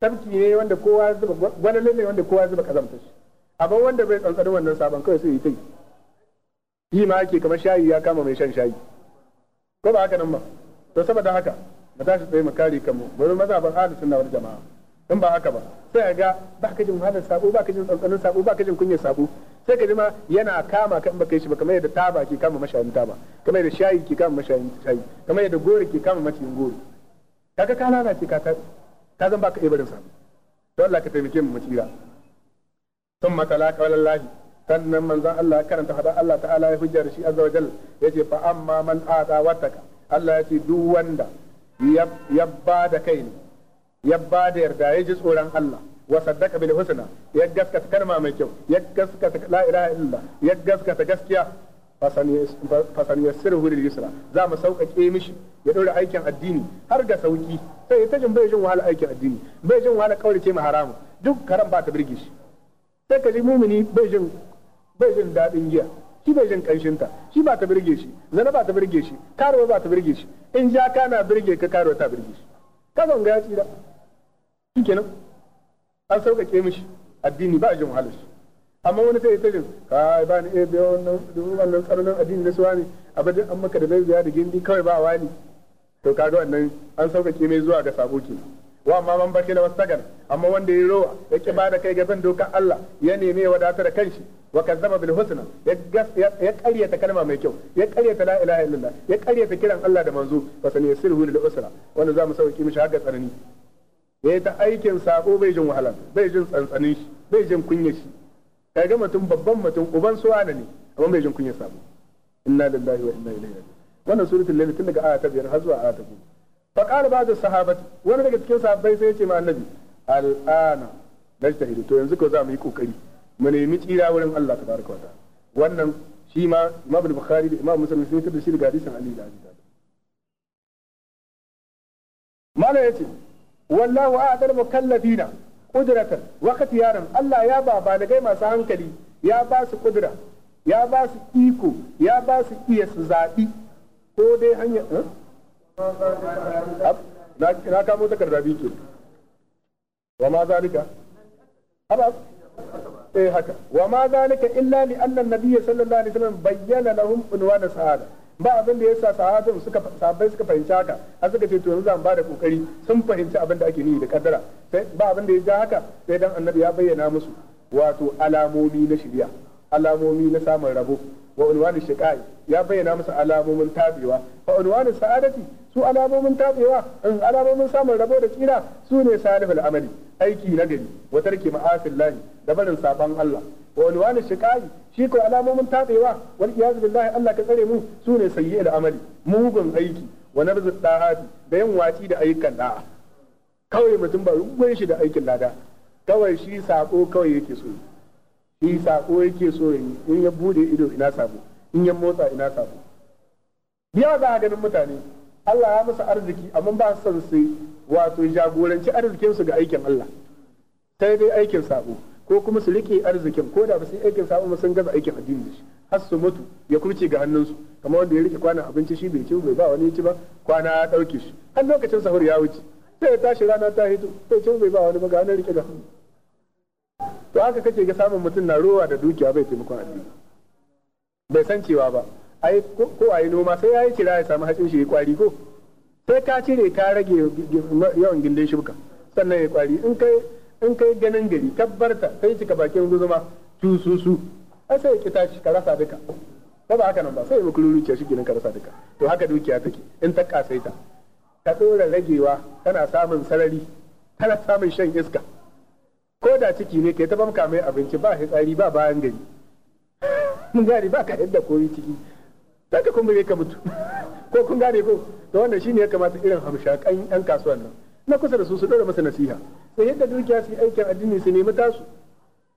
tafki ne wanda kowa zuba gwanin ne wanda kowa zuba kazamta shi abu wanda bai tsantsani wannan sabon kawai sai yi ta yi yi ma ake kamar shayi ya kama mai shan shayi ko ba haka nan ba to saboda haka ba za su tsaye mu kare kanmu bari maza ban ahli sunna wal jama'a in ba haka ba sai ga ba ka jin wahalar sabo ba ka jin tsantsanin sabo ba ka jin kunyar sabo sai ka ji ma yana kama ka in baka yi shi ba kamar yadda taba ke kama mashayin taba kamar yadda shayi ke kama mashayin shayi kamar yadda gori ke kama mashayin gori. kaga ka lalace ka ka zan baka ibarin sa to Allah ka taimake mu mu tsira sun matala kawalan sannan manzon Allah karanta hada Allah ta'ala ya hujjar shi azza wa jalla yace fa amma man ata wataka Allah yace duk wanda ya ba da kai ne ya ba da yarda ya ji tsoron Allah wa saddaka bil husna ya gaskata kalma mai kyau ya gaskata la ilaha illa ya gaskata gaskiya fasan yassiru lil yusra za mu sauƙaƙe mishi ya ɗaura aikin addini har ga sauƙi sai ta jin bai jin wahala aikin addini bai jin wahala kaurace ma haramu duk karam ba ta birge shi sai ka ji mumini bai jin bai jin daɗin giya shi bai jin kanshin ta shi ba ta birge shi zana ba ta birge shi karo ba ta birge shi in ja kana birge ka karo ta birge shi ka zanga ya tsira shikenan an sauƙaƙe mishi addini ba jin wahala shi amma wani sai ita ka ba ni eh bai wannan dubu wannan tsaronin addini na suwa ne abadin an maka da laifiya da gindi kawai ba wani to kaga wannan an sauƙaƙe mai zuwa ga sabo ke wa amma ban baki da wasagan amma wanda ya rowa ya ki da kai ga zan doka Allah ya neme ya wadatar da kanshi wa kazzaba bil husna ya karyata kalma mai kyau ya karyata la ilaha illallah ya karyata kiran Allah da manzo fa sani yasirhu lil usra wanda zamu sauki mishi haka tsanani ya ta aikin sako bai jin wahala bai jin tsantsanin shi bai jin kunya shi Ka ga mutum babban mutum uban su suwana ne amma bai jin kunya samu inna lillahi wa inna ilaihi raji'un wannan suratul layl tun daga aya ta biyar har zuwa aya ta goma fa qala ba'd sahabati wani daga cikin sahabbai sai ya ce ma annabi al'ana najtahidu to yanzu ko za mu yi kokari mu nemi tsira wurin Allah tabaraka wa ta'ala wannan shi ma Imam Bukhari da Imam Muslim sun fitar da shi daga hadisin Ali da Abi Talib malai yace wallahu a'tar mukallafina qudratan wakati yaron Allah ya ba balagai masu hankali ya ba su kudura ya ba su iko ya ba su iya su zaɓi ko dai hanyar eh? na kamo takarda biyu ke wa ma zalika abab eh haka wa ma zalika illa li annan an sallallahu alaihi wasallam bayyana lahum unwan sa'ada ba abin da ya sa suka sahabbai suka fahimci haka har suka ce to yanzu zan ba da kokari sun fahimci abin da ake nufi da kaddara sai ba abin da ya ja haka sai dan annabi ya bayyana musu wato alamomi na shirya alamomi na samun rabo wa unwanin shiqai ya bayyana musu alamomin tabewa fa unwanin sa'adati su alamomin tabewa in alamomin samun rabo da tsira su ne salihul amali aiki na gari wa tarki ma'asin lahi da barin saban Allah wa alwanu shiqai shi ko alamomin tabewa wal iyaz billahi Allah ka tsare mu sune al amali mugun aiki wa nabzu da'ati da yin wati da ayyukan da'a kawai mutum ba ruwan shi da aikin lada kawai shi sako kawai yake so shi sako yake so in ya bude ido ina sako in ya motsa ina sako biya za ganin mutane Allah ya musu arziki amma ba su son su wato jagoranci arzikinsu ga aikin Allah sai dai aikin sako ko kuma su rike arzikin ko da ba su aikin ba sun gaza aikin addini da shi har su mutu ya kurce ga hannunsu kamar wanda ya rike kwana abinci shi bai ci bai ba wani ci ba kwana ya dauke shi har lokacin sahur ya wuce sai ya tashi rana ta hito sai ci bai ba wani ba ga hannun rike ga hannu to haka kake ga samun mutum na rowa da dukiya bai taimako addini bai san cewa ba ai ko ai noma sai ya yi kira ya samu hatsin shi ya kwari ko sai ka cire ka rage yawan gindin shuka sannan ya kwari in kai in kai ganin gari tabbarta kai cika bakin guzuma su su su ai sai ki tashi ka rasa duka ba ba haka nan ba sai maka ruruciya shi gidan ka rasa duka to haka dukiya take in ta kasaita ka dora ragewa tana samun sarari Tana samun shan iska ko da ciki ne kai ta bamka mai abinci ba hitsari ba bayan gari mun gari ba ka yadda koyi ciki dan ka kumbure ka mutu ko kun gane ko to wannan shine ya kamata irin hamshakan yan kasuwan nan na kusa da su su dora masa nasiha su yadda dukiya su yi aikin addini su nemi tasu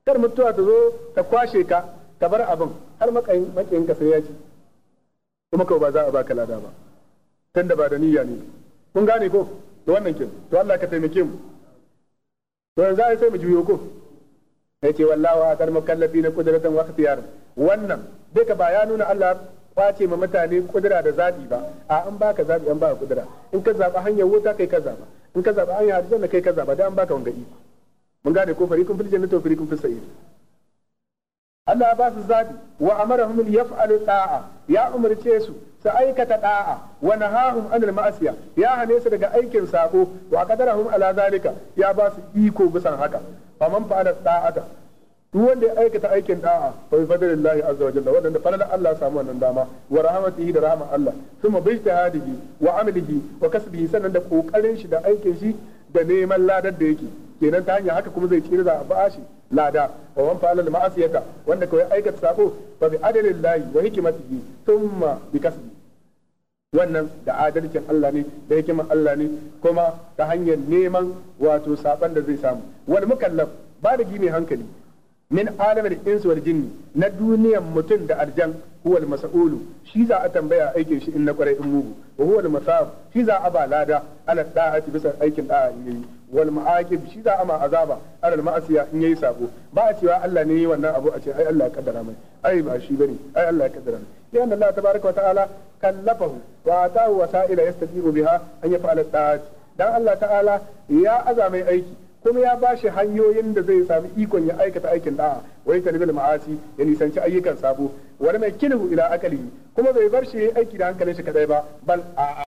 kar mutuwa ta zo ta kwashe ka ta bar abin har makayin makayin ka sai ya ci kuma kawai ba za a baka lada ba tunda ba da niyya ne kun gane ko da wannan kin to Allah ka taimake mu to yanzu ai sai mu juyo ko sai ce a kar mukallafi na kudratan wa ikhtiyar wannan duka ba ya nuna Allah kwace ma mutane kudura da zabi ba a an baka zabi an baka kudura in ka zaba hanyar wuta kai ka zaba in ka zaɓa an yi na kai ka zaɓa da an baka wanga iko mun gane ko fariqun fil jannati wa kun fis sa'ir Allah ba su zabi wa amarahum yaf'alu da'a ya umarce su su aikata da'a wa nahahum anil ma'asiya ya hane su daga aikin sako wa qadarahum ala zalika ya ba su iko bisan haka man fa'ala ta'ata duk wanda ya aikata aikin da'a fa bi fadlillahi azza wa jalla wanda fadlan Allah samu wannan dama wa rahmatihi da rahman Allah thumma bi ijtihadihi wa amalihi wa kasbihi sannan da kokarin shi da aikin shi da neman ladar da yake kenan ta hanya haka kuma zai tsira da ba'a shi lada wa man fa'ala ma'asiyata wanda kawai aikata sako fa bi adlillahi wa hikmatihi thumma bi kasbi wannan da adalcin Allah ne da hikiman Allah ne kuma ta hanyar neman wato saban da zai samu wani mukallaf ba da gine hankali min alamar insu wal jinni na duniyan mutum da arjan huwal mas'ulu shi za a tambaya aikin shi in na kwarai in mugu wa huwal masab shi za a ba lada ala da'ati bisa aikin da'a yayi wal ma'aqib shi za a ma azaba ala ma'asiya in yayi sabo ba a cewa Allah ne wannan abu a ce ai Allah ya kaddara mai ai ba shi bane ai Allah ya kaddara mai lian Allah tabaaraka wa ta'ala kallafahu wa ataahu wasa'ila yastati'u biha an yaf'ala da'ati dan Allah ta'ala ya azamai aiki kuma ya ba shi hanyoyin da zai sami ikon ya aikata aikin da'a wa yasanibil ma'asi ya nisanci ayyukan sabo wani mai kilihu ila akali kuma bai bar shi ya aiki da hankalin shi kadai ba bal a'a